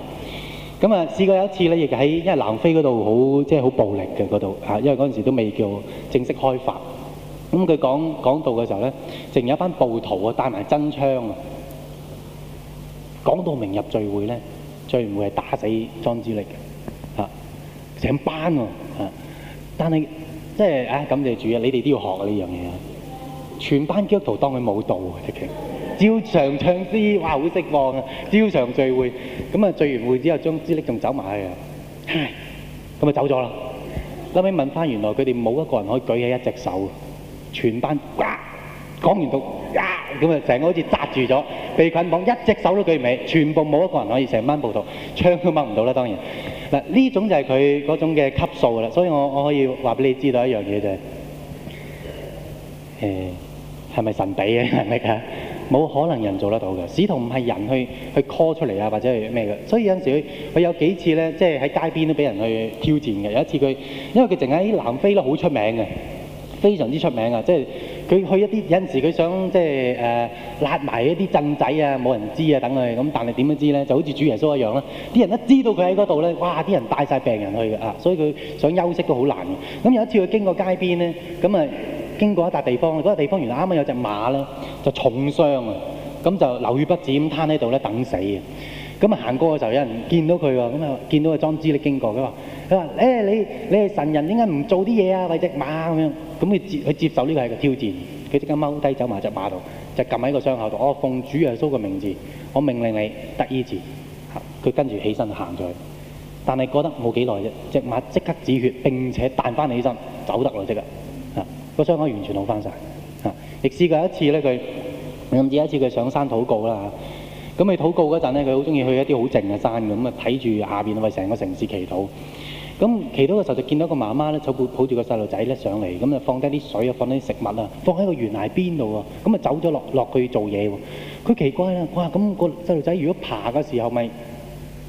咁啊，試過有一次咧，亦喺因為南非嗰度好即係好暴力嘅嗰度嚇，因為嗰陣、就是、時候都未叫正式開發。咁佢講講到嘅時候咧，淨有一班暴徒啊，帶埋真槍啊，講到明日聚會咧，聚會係打死莊之力嘅嚇，成班喎、啊、嚇。但係即係唉，感謝主啊！你哋都要學啊呢樣嘢啊！全班基督徒當佢冇到啊！直照常唱詩，哇！好釋放啊！照常聚會，咁啊聚完會之後，將資歷仲走埋去啊，咁啊走咗啦。後尾問返，原來佢哋冇一個人可以舉起一隻手，全班呱講完到呀，咁啊成個好似紮住咗，被捆綁一隻手都舉唔起，全部冇一個人可以，成班暴徒槍都掹唔到啦。當然嗱，呢種就係佢嗰種嘅級數啦。所以我我可以話俾你知道一樣嘢就係，誒係咪神俾嘅能力啊？冇可能人做得到嘅。使徒唔係人去去 call 出嚟啊，或者係咩嘅？所以有陣時佢佢有幾次咧，即係喺街邊都俾人去挑戰嘅。有一次佢，因為佢淨係喺南非咧，好出名嘅，非常之出名啊！即係佢去一啲有陣時佢想即係呃，揦埋一啲鎮仔啊，冇人知啊，等佢咁。但係點樣知咧？就好似主耶穌一樣啦，啲人一知道佢喺嗰度咧，哇！啲人帶晒病人去嘅啊，所以佢想休息都好難嘅。咁有一次佢經過街邊咧，咁啊～經過一笪地方，嗰、那個地方原來啱啱有隻馬咧，就重傷啊，咁就流血不止，咁攤喺度咧，等死啊。咁啊行過嘅時候，有人見到佢啊。咁啊見到阿莊子你經過，佢話：佢、hey，你你係神人，點解唔做啲嘢啊？為隻馬咁樣，咁佢接佢接受呢個係個挑戰。佢即刻踎低走埋隻馬度，就撳喺個傷口度。我、oh，奉主耶穌嘅名字，我命令你得醫治。佢跟住起身行咗去，但係過得冇幾耐啫，隻馬即刻止血並且彈翻起身走得來啫個傷口完全好翻晒。嚇！亦試過一次咧，佢甚至有一次佢上山禱告啦嚇。咁去禱告嗰陣咧，佢好中意去一啲好靜嘅山咁啊，睇住下邊為成個城市祈禱。咁祈禱嘅時候就見到個媽媽咧，手抱抱住個細路仔咧上嚟，咁啊放低啲水啊，放低啲食物啊，放喺個懸崖邊度啊。咁啊走咗落落去做嘢喎。佢奇怪啦，哇！咁個細路仔如果爬嘅時候咪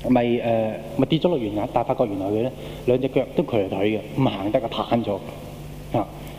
咪誒咪跌咗落懸崖，但係發覺原來佢咧兩隻腳都瘸腿嘅，唔行得嘅，攤咗。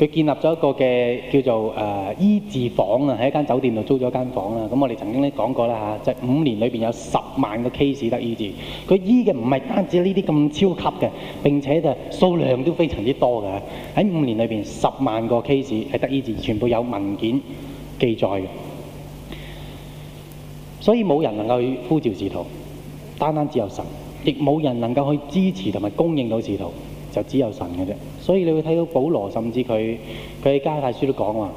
佢建立咗一個嘅叫做誒、呃、醫治房啊，喺一間酒店度租咗間房啦。咁我哋曾經咧講過啦嚇，就係、五年裏邊有十萬個 case 得醫治。佢醫嘅唔係單止呢啲咁超級嘅，並且就數量都非常之多㗎。喺五年裏邊十萬個 case 係得醫治，全部有文件記載嘅。所以冇人能夠去呼召使徒，單單只有神；亦冇人能夠去支持同埋供應到使徒，就只有神嘅啫。所以你會睇到保羅甚至佢佢喺加拉太書都講話，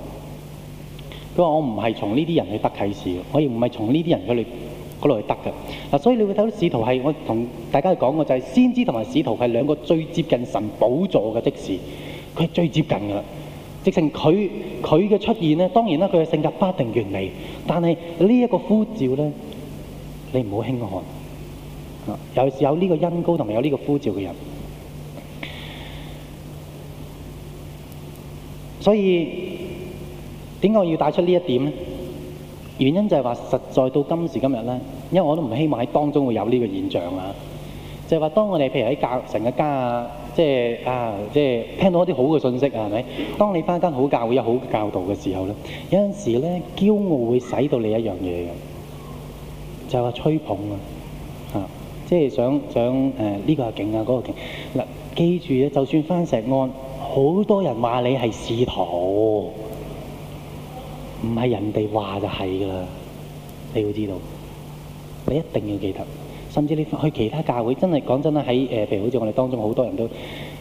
佢話我唔係從呢啲人去得啟示，我亦唔係從呢啲人度度去得嘅。嗱，所以你會睇到使徒係我同大家講嘅就係先知同埋使徒係兩個最接近神寶座嘅，即是佢係最接近㗎啦。直情佢佢嘅出現咧，當然啦，佢嘅性格不一定完美，但係呢一個呼召咧，你唔好輕看。啊，有這恩有呢個恩膏同埋有呢個呼召嘅人。所以點解我要帶出呢一點呢？原因就係話實在到今時今日咧，因為我都唔希望喺當中會有呢個現象，就是個就是、啊。就係話當我哋譬如喺教成個家啊，即係啊，即係聽到一啲好嘅信息啊，係咪？當你翻一間好教會，有好嘅教導嘅時候咧，有陣時咧，驕傲會使到你一樣嘢嘅，就係、是、話吹捧啊，嚇、就是！即係想想誒，呢、呃這個係勁啊，嗰、那個勁嗱、啊。記住咧，就算翻石安。好多人話你係使徒，唔係人哋話就係㗎啦。你要知道，你一定要記得。甚至你去其他教會，真係講真啦，喺誒，譬、呃、如好似我哋當中好多人都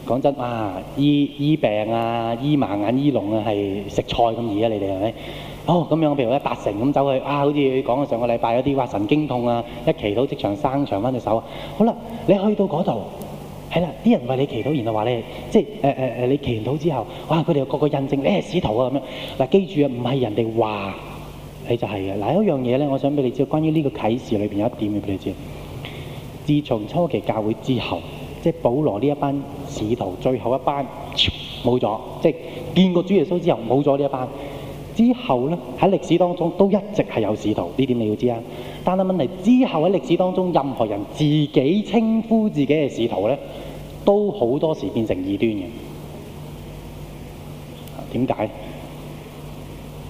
講真，哇、啊，醫醫病啊，醫盲眼、醫聾啊，係食菜咁易啊！你哋係咪？哦，咁樣譬如一達成咁走去，啊，好似講上個禮拜有啲話神經痛啊，一祈禱即場生長翻隻手啊！好啦，你去到嗰度。係啦，啲人為你祈禱然後話你，即係、呃呃、你祈禱之後，哇！佢哋又個個印證，誒，使徒啊咁樣。嗱，記住啊，唔係人哋話你就係嘅。嗱，一樣嘢咧，我想俾你知道，關於呢個啟示裏面有一點要俾你知。自從初期教會之後，即係保羅呢一班使徒，最後一班冇咗，即係見過主耶穌之後冇咗呢一班。之後咧，喺歷史當中都一直係有使徒，呢點你要知啊。但係問題是之後喺歷史當中，任何人自己稱呼自己的使徒呢，都好多時變成異端嘅。點解？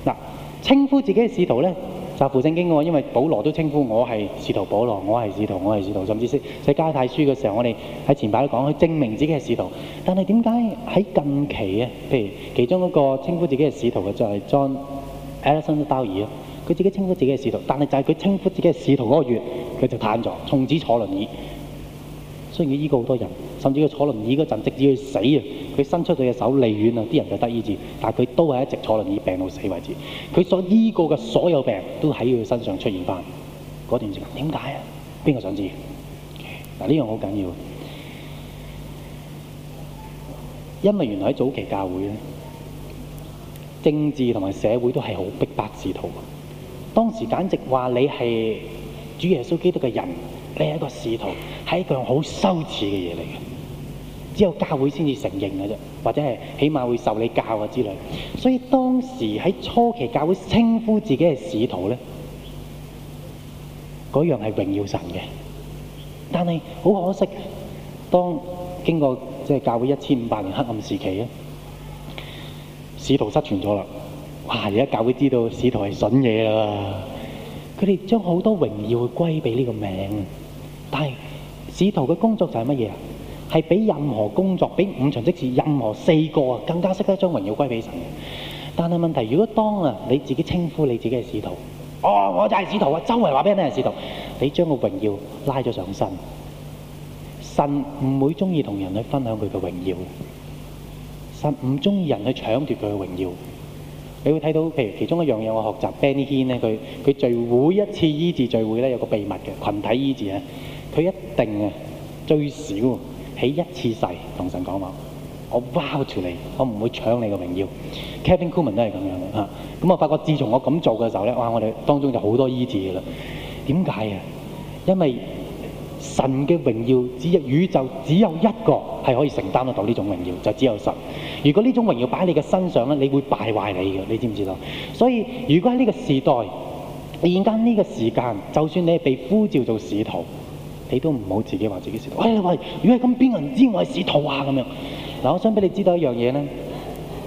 嗱，稱呼自己的使徒呢，就係符聖經，因為保羅都稱呼我係使徒保羅，我係使徒，我係使徒。甚至識寫加拉太書嘅時候，我哋喺前排都講去證明自己的使徒。但係點解喺近期，譬如其中一個稱呼自己的使徒嘅就係 John Alexander Dowie 佢自己稱呼自己嘅使徒，但係就係佢稱呼自己嘅使徒嗰個月，佢就攤咗，從此坐輪椅。雖然佢醫過好多人，甚至佢坐輪椅嗰陣，直至佢死啊，佢伸出佢嘅手離遠啊，啲人就得醫治。但係佢都係一直坐輪椅，病到死為止。佢所醫過嘅所有病都喺佢身上出現翻嗰段時間。點解啊？邊個想知嗱？呢樣好緊要，因為原來喺早期教會咧，政治同埋社會都係好逼迫使徒。當時簡直話你係主耶穌基督嘅人，你係一個使徒，係一樣好羞恥嘅嘢嚟嘅。只有教會先至承認嘅啫，或者係起碼會受你教啊之類。所以當時喺初期教會稱呼自己係使徒咧，嗰樣係榮耀神嘅。但係好可惜，當經過即係教會一千五百年黑暗時期咧，使徒失傳咗啦。哇！而家教會知道使徒係筍嘢啦，佢哋將好多榮耀去歸俾呢個名，但係使徒嘅工作就係乜嘢啊？係比任何工作，比五重職事任何四個更加識得將榮耀歸俾神。但係問題是，如果當啊你自己稱呼你自己係使徒，哦，我就係使徒啊，周圍話俾人聽係使徒，你將個榮耀拉咗上身，神唔會中意同人去分享佢嘅榮耀，神唔中意人去搶奪佢嘅榮耀。你會睇到，譬如其中一樣嘢，我學習 Benny Hinn 佢佢聚會每一次醫治聚會咧，有個秘密嘅群體醫治啊，佢一定啊最少起一次誓同神講話，oh, wow，我包住你，我唔會搶你嘅名。」榮耀。Kathryn Kuhlman 都係咁樣啊，咁、嗯嗯、我發覺自從我咁做嘅時候咧，哇！我哋當中就好多醫治嘅啦，點解啊？因為神嘅榮耀，只係宇宙只有一個係可以承擔得到呢種榮耀，就係只有神。如果呢種榮耀擺喺你嘅身上咧，你會敗壞你嘅，你知唔知道？所以如果喺呢個時代，而家呢個時間，就算你係被呼召做使徒，你都唔好自己話自己使徒。喂喂，如果係咁，邊個唔知我係使徒啊？咁樣嗱，我想俾你知道一樣嘢咧，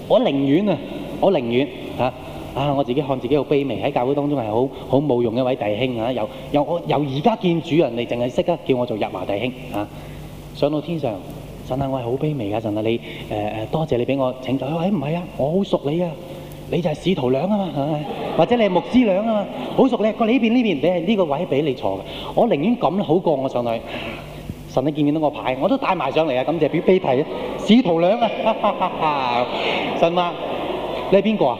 我寧願啊，我寧願嚇。啊！我自己看自己好卑微，喺教會當中係好好無用嘅一位弟兄嚇，由由我由而家見主人，你淨係識得叫我做日華弟兄嚇。上到天上，神啊，我係好卑微嘅，神啊，你誒誒多謝你俾我拯救。佢話：誒唔係啊，我好熟你啊，你就係使徒娘啊嘛，或者你係牧師娘啊嘛，好熟你。個你呢邊呢邊，你係呢個位俾你坐嘅。我寧願咁好過我上嚟。神啊，見唔見到我牌？我都帶埋上嚟啊！感謝表悲題，使徒娘啊！神啊，你係邊個啊？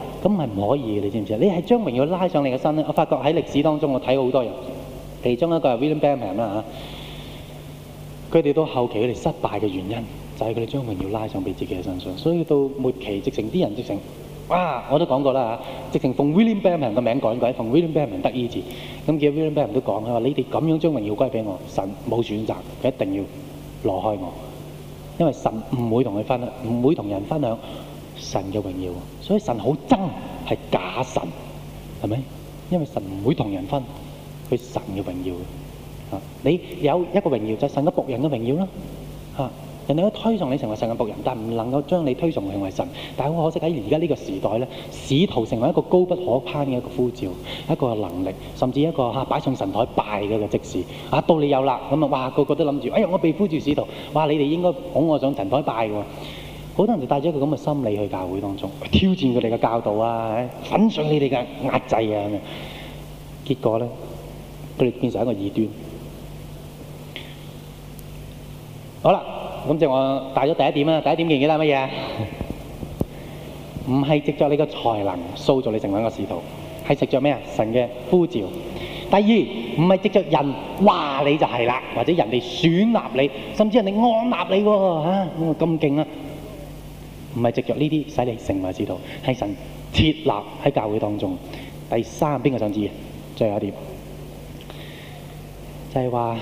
咁咪唔可以嘅，你知唔知啊？你係將榮耀拉上你嘅身咧。我發覺喺歷史當中，我睇好多人，其中一個係 William b e n j、啊、a m n 啦，佢哋到後期佢哋失敗嘅原因，就係佢哋將榮耀拉上俾自己嘅身上，所以到末期直成啲人直成，哇！我都講過啦嚇，直成奉 William b e n j a m n 嘅名趕鬼，奉 William b e n j a m n 得意志咁叫 William b e a m n 都講，佢你哋咁樣將榮耀歸俾我，神冇選擇，佢一定要攞開我，因為神唔會同佢分享，唔會同人分享。神嘅榮耀，所以神好憎係假神，係咪？因為神唔會同人分，佢神嘅榮耀嘅。嚇，你有一個榮耀就係神嘅僕人嘅榮耀啦。嚇，人哋可以推崇你成為神嘅僕人，但唔能夠將你推崇成為神。但係我可惜喺而家呢個時代咧，使徒成為一個高不可攀嘅一個呼召，一個能力，甚至一個嚇擺上神台拜嘅一個職事。啊，到你有啦，咁啊，哇，個個都諗住，哎呀，我被呼召使徒，哇，你哋應該捧我上神台拜㗎喎。可能就帶咗一個咁嘅心理去教會當中，挑戰佢哋嘅教導啊，粉碎你哋嘅壓制啊。結果咧，佢哋變成一個異端。好啦，咁就我帶咗第一點啦。第一點記唔記得乜嘢啊？唔係藉着你嘅才能塑造你成為一個使徒，係藉着咩啊？神嘅呼召。第二，唔係藉着人話你就係啦，或者人哋選立你，甚至人哋按立你喎，嚇，咁勁啊！啊唔係藉著呢啲使你成為知道，係神設立喺教會當中。第三，邊個想知道？最後一點就係、是、話，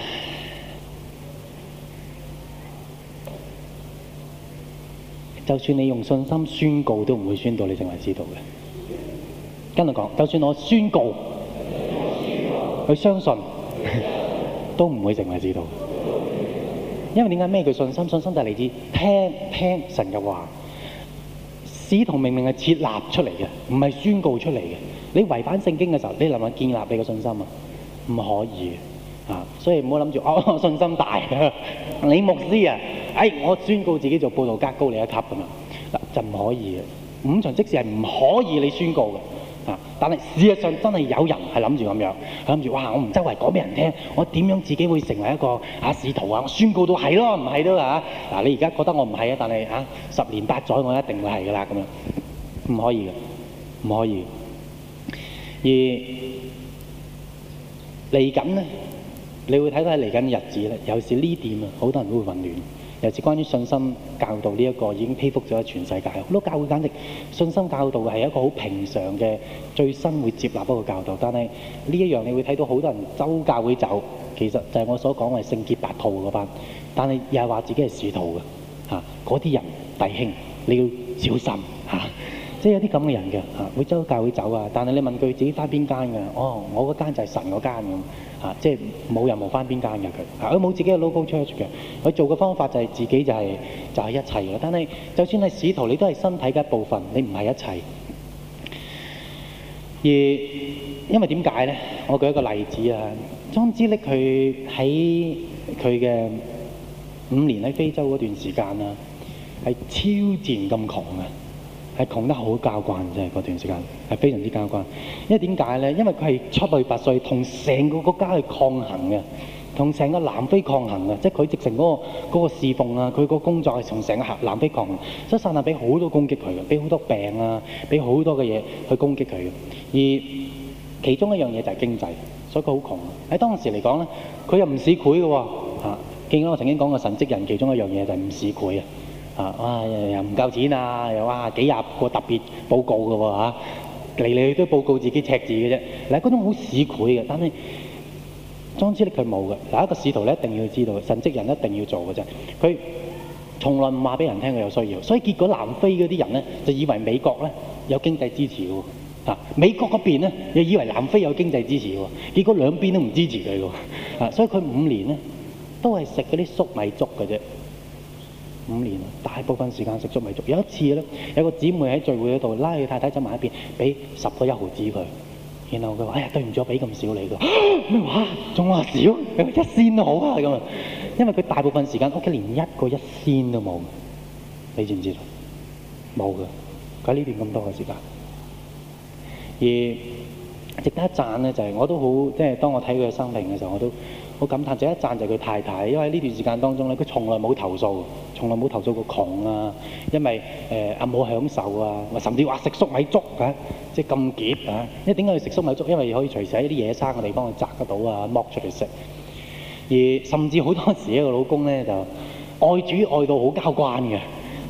就算你用信心宣告，都唔會宣告你成為知道嘅。跟你講，就算我宣告，佢告相信，告 都唔會成為知道。因為點解？咩叫信心？信心就係你知聽聽神嘅話。指同明明係設立出嚟嘅，唔係宣告出嚟嘅。你違反聖經嘅時候，你能唔能夠建立你嘅信心啊？唔可以啊！所以唔好諗住哦，信心大， 你牧師啊、哎，我宣告自己做佈道加高你一級㗎嘛，嗱就唔可以嘅。五重職事係唔可以你宣告嘅。但係事實上真係有人係諗住咁樣，佢諗住哇！我唔周圍講俾人聽，我點樣自己會成為一個啊使徒啊？我宣告到係咯，唔係都啊！嗱，你而家覺得我唔係啊，但係啊，十年八載我一定會係噶啦咁樣，唔可以嘅，唔可以嘅。而嚟緊咧，你會睇到係嚟緊嘅日子咧，有時呢點啊，好多人都會混亂。尤其是關於信心教導呢一個已經披覆咗喺全世界，好多教會簡直信心教導係一個好平常嘅、最新會接納嗰個教導，但係呢一樣你會睇到好多人周教會走，其實就係我所講嘅聖潔白兔嗰班，但係又係話自己係使徒嘅嚇，嗰啲人弟兄你要小心嚇。啊即係有啲咁嘅人嘅，嚇會周教會走啊！但係你問佢自己返邊間嘅？哦，我嗰間就係神嗰間咁，嚇、啊、即係冇任何返邊間嘅佢。佢冇自己嘅 local church 嘅，佢做嘅方法就係自己就係、是、就係、是、一切嘅。但係就算係使徒，你都係身體嘅一部分，你唔係一切。而因為點解咧？我舉一個例子啊，莊之力佢喺佢嘅五年喺非洲嗰段時間啊，係超戰咁窮啊。係窮得好交關嘅，真係嗰段時間係非常之交關。因為點解呢？因為佢係出類拔萃，同成個國家去抗衡嘅，同成個南非抗衡嘅。即係佢直情嗰、嗰個嗰個侍奉啊，佢個工作係同成個南非抗衡。所以撒但俾好多攻擊佢嘅，俾好多病啊，俾好多嘅嘢去攻擊佢嘅。而其中一樣嘢就係經濟，所以佢好窮。喺當時嚟講呢，佢又唔使攰嘅喎嚇。見、啊、到我曾經講過神蹟人，其中一樣嘢就係唔使攰啊。啊！又唔夠錢啊！又哇！幾廿個特別報告嘅喎，嚟嚟去都報告自己赤字嘅啫。嗱，嗰種好市儈嘅，但係裝之力佢冇嘅。嗱，一個使徒咧一定要知道，神職人一定要做嘅啫。佢從來唔話俾人聽佢有需要，所以結果南非嗰啲人咧就以為美國咧有經濟支持喎。啊，美國嗰邊咧又以為南非有經濟支持喎。結果兩邊都唔支持佢喎。啊，所以佢五年咧都係食嗰啲粟米粥嘅啫。五年大部分時間食粟米粥。有一次咧，有個姊妹喺聚會嗰度拉佢太太走埋一邊，俾十個一毫紙佢。然後佢話：哎呀，對唔住，俾咁少你㗎。咩、啊、話？仲話少？有一仙都好啊咁啊！因為佢大部分時間屋企連一個一仙都冇，你知唔知道？冇㗎。喺呢邊咁多嘅時間，而。值得一讚咧、就是，就係我都好即係。當我睇佢嘅生平嘅時候，我都好感嘆。就一讚就係佢太太，因為呢段時間當中咧，佢從來冇投訴，從來冇投訴過窮啊，因為誒阿冇享受啊，甚至話食粟米粥啊，即係咁傑啊！因為你點解要食粟米粥？因為可以隨時喺啲野生嘅地方去摘得到啊，剝出嚟食。而甚至好多時咧，個老公咧就愛主愛到好交關嘅。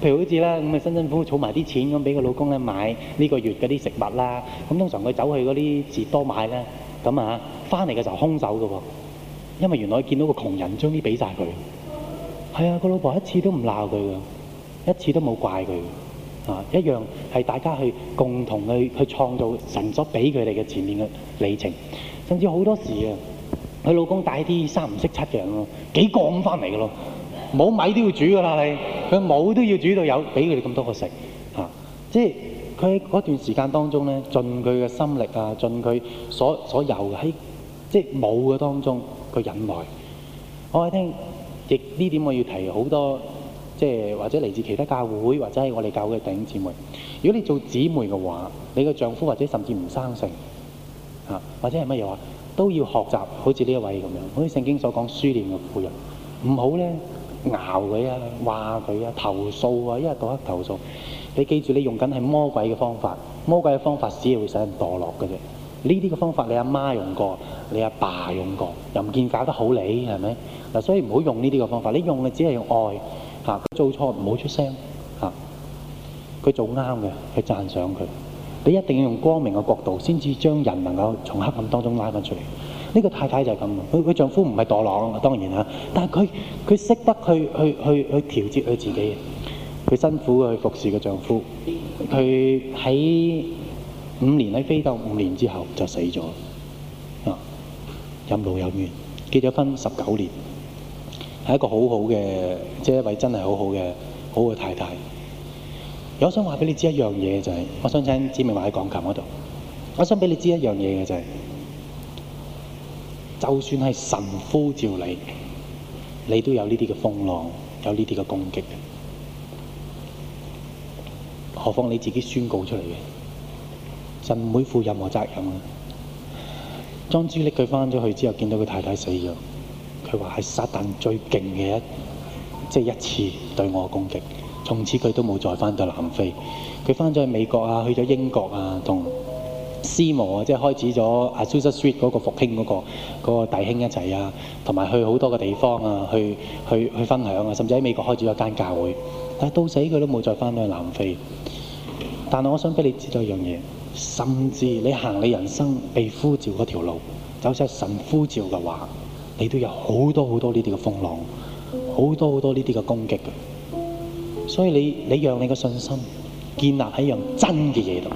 譬如好似啦，咁啊辛辛苦苦儲埋啲錢咁，俾個老公咧買呢個月嗰啲食物啦。咁通常佢走去嗰啲士多買呢，咁啊，翻嚟嘅時候空手嘅喎，因為原來見到個窮人將啲俾晒佢。係啊，個老婆一次都唔鬧佢嘅，一次都冇怪佢啊，一樣係大家去共同去去創造神所俾佢哋嘅前面嘅里程。甚至好多時啊，佢老公帶啲三唔識七嘅咯，幾個咁翻嚟嘅咯。冇米都要煮噶啦，你佢冇都要煮到有，俾佢哋咁多個食、啊、即係佢喺嗰段時間當中咧，盡佢嘅心力啊，盡佢所所有嘅喺，即係冇嘅當中佢忍耐。我喺聽，亦呢點我要提好多，即係或者嚟自其他教會或者係我哋教會嘅弟兄姊妹。如果你做姊妹嘅話，你嘅丈夫或者甚至唔生性、啊、或者係乜嘢話，都要學習好似呢一位咁樣，好似聖經所講書念嘅婦人唔好咧。咬佢啊，話佢啊，投訴啊，一日到黑投訴。你記住，你用緊係魔鬼嘅方法，魔鬼嘅方法只係會使人墮落嘅啫。呢啲嘅方法，你阿媽用過，你阿爸用過，又唔見搞得好你，係咪？嗱，所以唔好用呢啲嘅方法。你用嘅只係用愛嚇，佢做錯唔好出聲嚇。佢做啱嘅，去讚賞佢。你一定要用光明嘅角度，先至將人能夠從黑暗當中拉翻出嚟。呢個太太就係咁，佢佢丈夫唔係墮落，當然啦。但係佢佢識得去去去去調節佢自己，佢辛苦去服侍佢丈夫。佢喺五年喺非洲五年之後就死咗，啊，任勞任怨。結咗婚十九年，係一個好好嘅，即係一位真係好好好嘅好嘅太太。我想話俾你知一樣嘢就係，我想請子明話喺鋼琴嗰度，我想俾你知一樣嘢嘅就係。就算係神呼召你，你都有呢啲嘅風浪，有呢啲嘅攻擊。何況你自己宣告出嚟嘅，神就唔會負任何責任。莊朱力佢返咗去之後，見到佢太太死咗，佢話係撒旦最勁嘅一，即係、一次對我嘅攻擊。從此佢都冇再返到南非，佢返咗去美國啊，去咗英國啊，試模啊，more, 即係開始咗啊，Jesus Street 嗰個復興嗰、那個嗰、那個弟兄一齊啊，同埋去好多個地方啊，去去去分享啊，甚至喺美國開咗一間教會，但係到死佢都冇再翻去南非。但係我想俾你知道一樣嘢，甚至你行你人生被呼召嗰條路，走出神呼召嘅話，你都有好多好多呢啲嘅風浪，好多好多呢啲嘅攻擊嘅。所以你你讓你嘅信心建立喺一樣真嘅嘢度。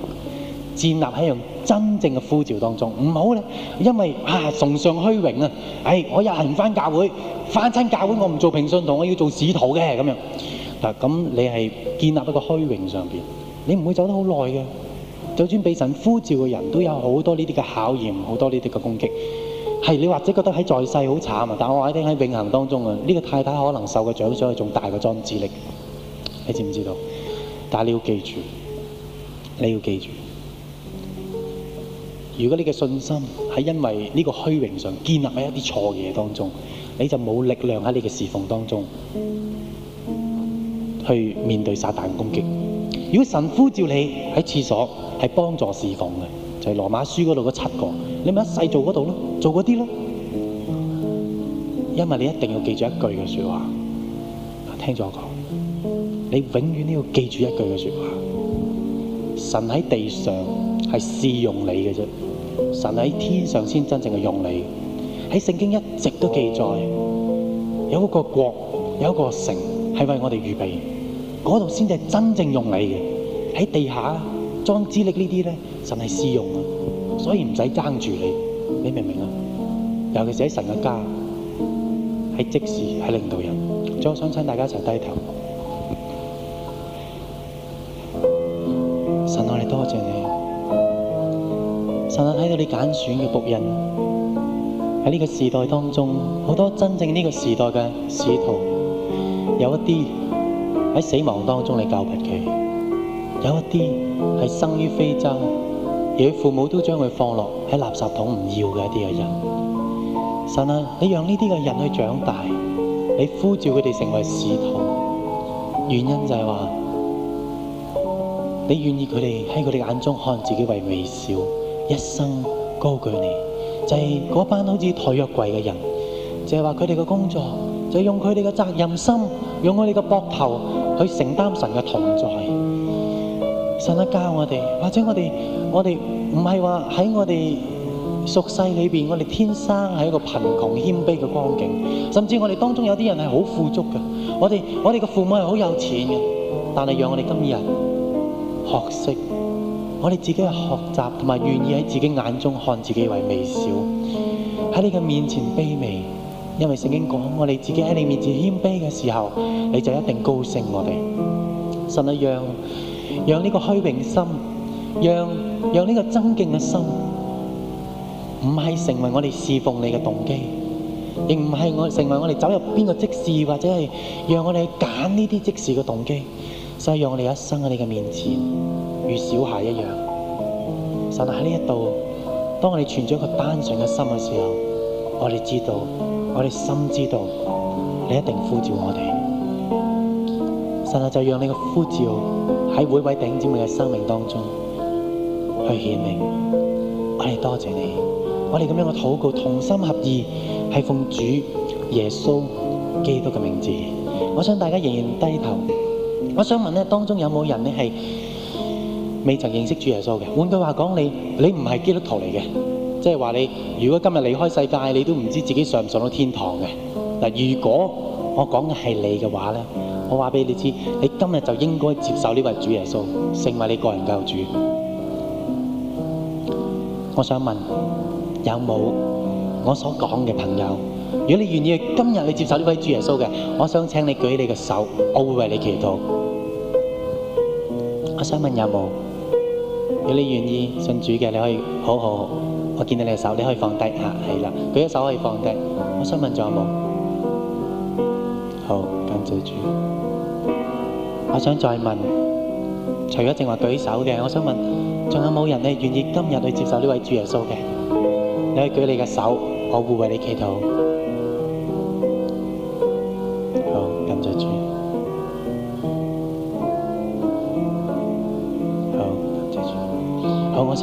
建立喺一樣真正嘅呼召當中，唔好咧，因為啊，崇尚虛榮啊，誒，我又行翻教會，翻親教會，我唔做平信徒，我要做使徒嘅咁樣嗱。咁你係建立喺個虛榮上邊，你唔會走得好耐嘅。就算被神呼召嘅人，都有好多呢啲嘅考驗，好多呢啲嘅攻擊。係你或者覺得喺在世好慘啊，但我話你聽喺永恆當中啊，呢個太太可能受嘅獎賞係仲大過莊子力，你知唔知道？但係你要記住，你要記住。如果你嘅信心係因為呢個虛榮上建立喺一啲錯嘅嘢當中，你就冇力量喺你嘅侍奉當中去面對撒旦攻擊。如果神呼召你喺廁所係幫助侍奉嘅，就係、是、羅馬書嗰度嗰七個，你咪一世做嗰度咯，做嗰啲咯。因為你一定要記住一句嘅說話，聽咗我講，你永遠都要記住一句嘅說話，神喺地上。係試用你嘅啫，神喺天上先真正嘅用你。喺聖經一直都記載，有一個國，有一個城，係為我哋預備，嗰度先至係真正用你嘅。喺地下裝資歷呢啲咧，神係試用啊，所以唔使爭住你，你明唔明啊？尤其是喺神嘅家，係即使，係領導人，最好想請大家一齊低頭。你揀選嘅僕人喺呢個時代當中，好多真正呢個時代嘅使徒，有一啲喺死亡當中你救拔佢，有一啲係生於非洲，而佢父母都將佢放落喺垃圾桶唔要嘅一啲嘅人。神啊，你讓呢啲嘅人去長大，你呼召佢哋成為使徒。原因就係話，你願意佢哋喺佢哋眼中看自己為微小。一生高舉你，就係、是、嗰班好似抬約櫃嘅人，就係話佢哋嘅工作就是、用佢哋嘅責任心，用佢哋嘅膊頭去承擔神嘅同在。神啊，教我哋，或者我哋，我哋唔係話喺我哋俗世裏邊，我哋天生係一個貧窮謙卑嘅光景，甚至我哋當中有啲人係好富足嘅。我哋我哋嘅父母係好有錢嘅，但係讓我哋今日學識。我哋自己嘅學習同埋願意喺自己眼中看自己為微小，喺你嘅面前卑微，因為聖經講我哋自己喺你面前謙卑嘅時候，你就一定高升我哋。神啊，讓讓呢個虛榮心，讓讓呢個爭競嘅心，唔係成為我哋侍奉你嘅動機，亦唔係我成為我哋走入邊個職事或者係讓我哋揀呢啲職事嘅動機，所以讓我哋一生喺你嘅面前。如小孩一樣，神啊，喺呢一度，當我哋存咗一個單純嘅心嘅時候，我哋知道，我哋心知道，你一定呼召我哋。神啊，就讓你嘅呼召喺每位弟兄姊妹嘅生命當中去顯明。我哋多謝你，我哋咁樣嘅禱告，同心合意，係奉主耶穌基督嘅名字。我想大家仍然低頭，我想問呢，當中有冇人呢？係？未曾認識主耶穌嘅，換句話講，你你唔係基督徒嚟嘅，即係話你，如果今日離開世界，你都唔知自己上唔上到天堂嘅。嗱，如果我講嘅係你嘅話咧，我話俾你知，你今日就應該接受呢位主耶穌，成為你個人救主。我想問，有冇我所講嘅朋友？如果你願意今日去接受呢位主耶穌嘅，我想請你舉起你嘅手，我會為你祈禱。我想問有冇？如果你願意信主嘅，你可以好好，好。我見到你嘅手，你可以放低啊，係啦，舉一手可以放低。我想問仲有冇？好，感謝主。我想再問，除咗正話舉手嘅，我想問，仲有冇人你願意今日去接受呢位主耶穌嘅？你去舉你嘅手，我會為你祈禱。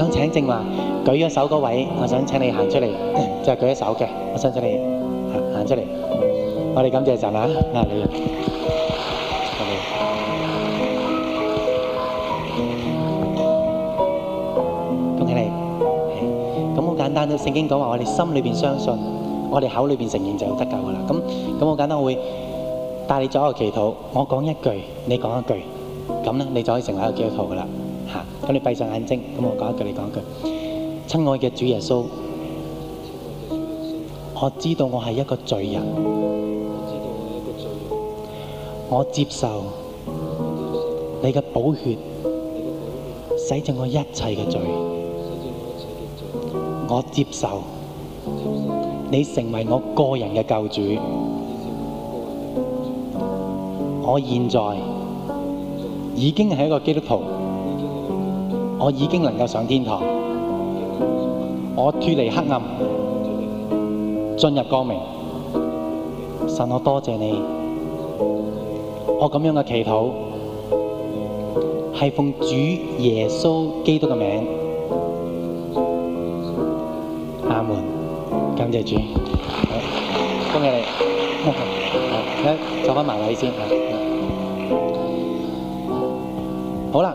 想請正話舉咗手嗰位，我想請你行出嚟，就係舉咗手嘅，我想請你行出嚟，行行出嚟，我哋感謝一陣嚇，嗱你，恭喜你，咁好簡單啦！聖經講話，我哋心裏邊相信，我哋口裏邊承認，就係得救噶啦。咁咁好簡單，我會帶你做一個祈禱，我講一句，你講一句，咁咧你就可以成為一個基督徒噶啦。咁你閉上眼睛，咁我講一句，你講一句。親愛嘅主耶穌，我知道我係一個罪人，我接受你嘅寶血洗淨我一切嘅罪，我接受你成為我個人嘅救主，我現在已經係一個基督徒。我已經能夠上天堂，我脫離黑暗，進入光明。神，我多謝你。我咁樣嘅祈禱係奉主耶穌基督嘅名。阿門，感謝主。恭喜你，好，坐返埋嚟先。好啦。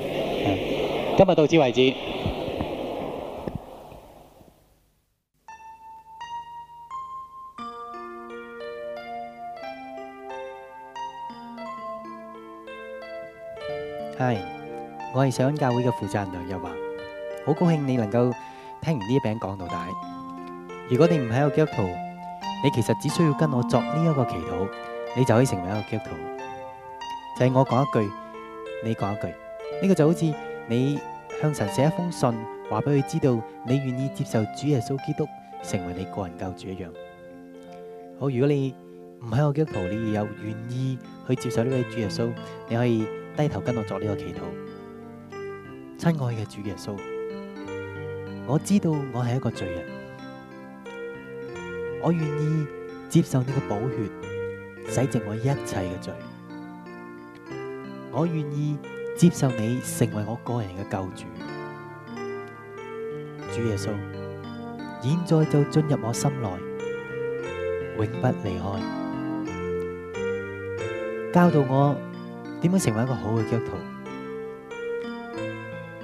今日到此為止。係，我係上教會嘅負責人梁日華，好高興你能夠聽完呢一餅講到底。如果你唔係個基督徒，你其實只需要跟我作呢一個祈禱，你就可以成為一個基督徒。就係我講一句，你講一句，呢個就好似你。向神寫一封信，話俾佢知道你願意接受主耶穌基督成為你個人救主一樣。好，如果你唔喺我基督徒，你亦有願意去接受呢位主耶穌，你可以低頭跟我作呢個祈禱。親愛嘅主耶穌，我知道我係一個罪人，我願意接受你嘅寶血洗淨我一切嘅罪，我願意，接受你成為我個人嘅救主，主耶穌，現在就進入我心內，永不離開，教導我點樣成為一個好嘅基督徒，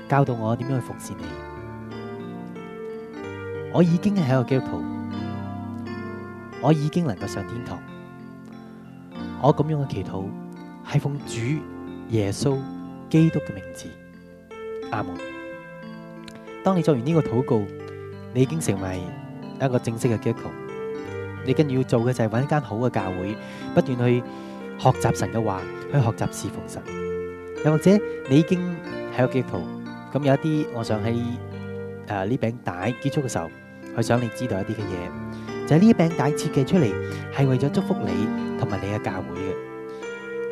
教導我點樣去服侍你。我已經係一個基督徒，我已經能夠上天堂，我咁樣嘅祈禱係奉主耶穌。基督嘅名字，阿門。當你做完呢個禱告，你已經成為一個正式嘅基督徒。你跟住要做嘅就係揾一間好嘅教會，不斷去學習神嘅話，去學習侍奉神。又或者你已經喺個基督徒，咁有一啲，我想喺誒呢餅帶結束嘅時候，佢想你知道一啲嘅嘢，就係呢餅帶設計出嚟係為咗祝福你同埋你嘅教會嘅。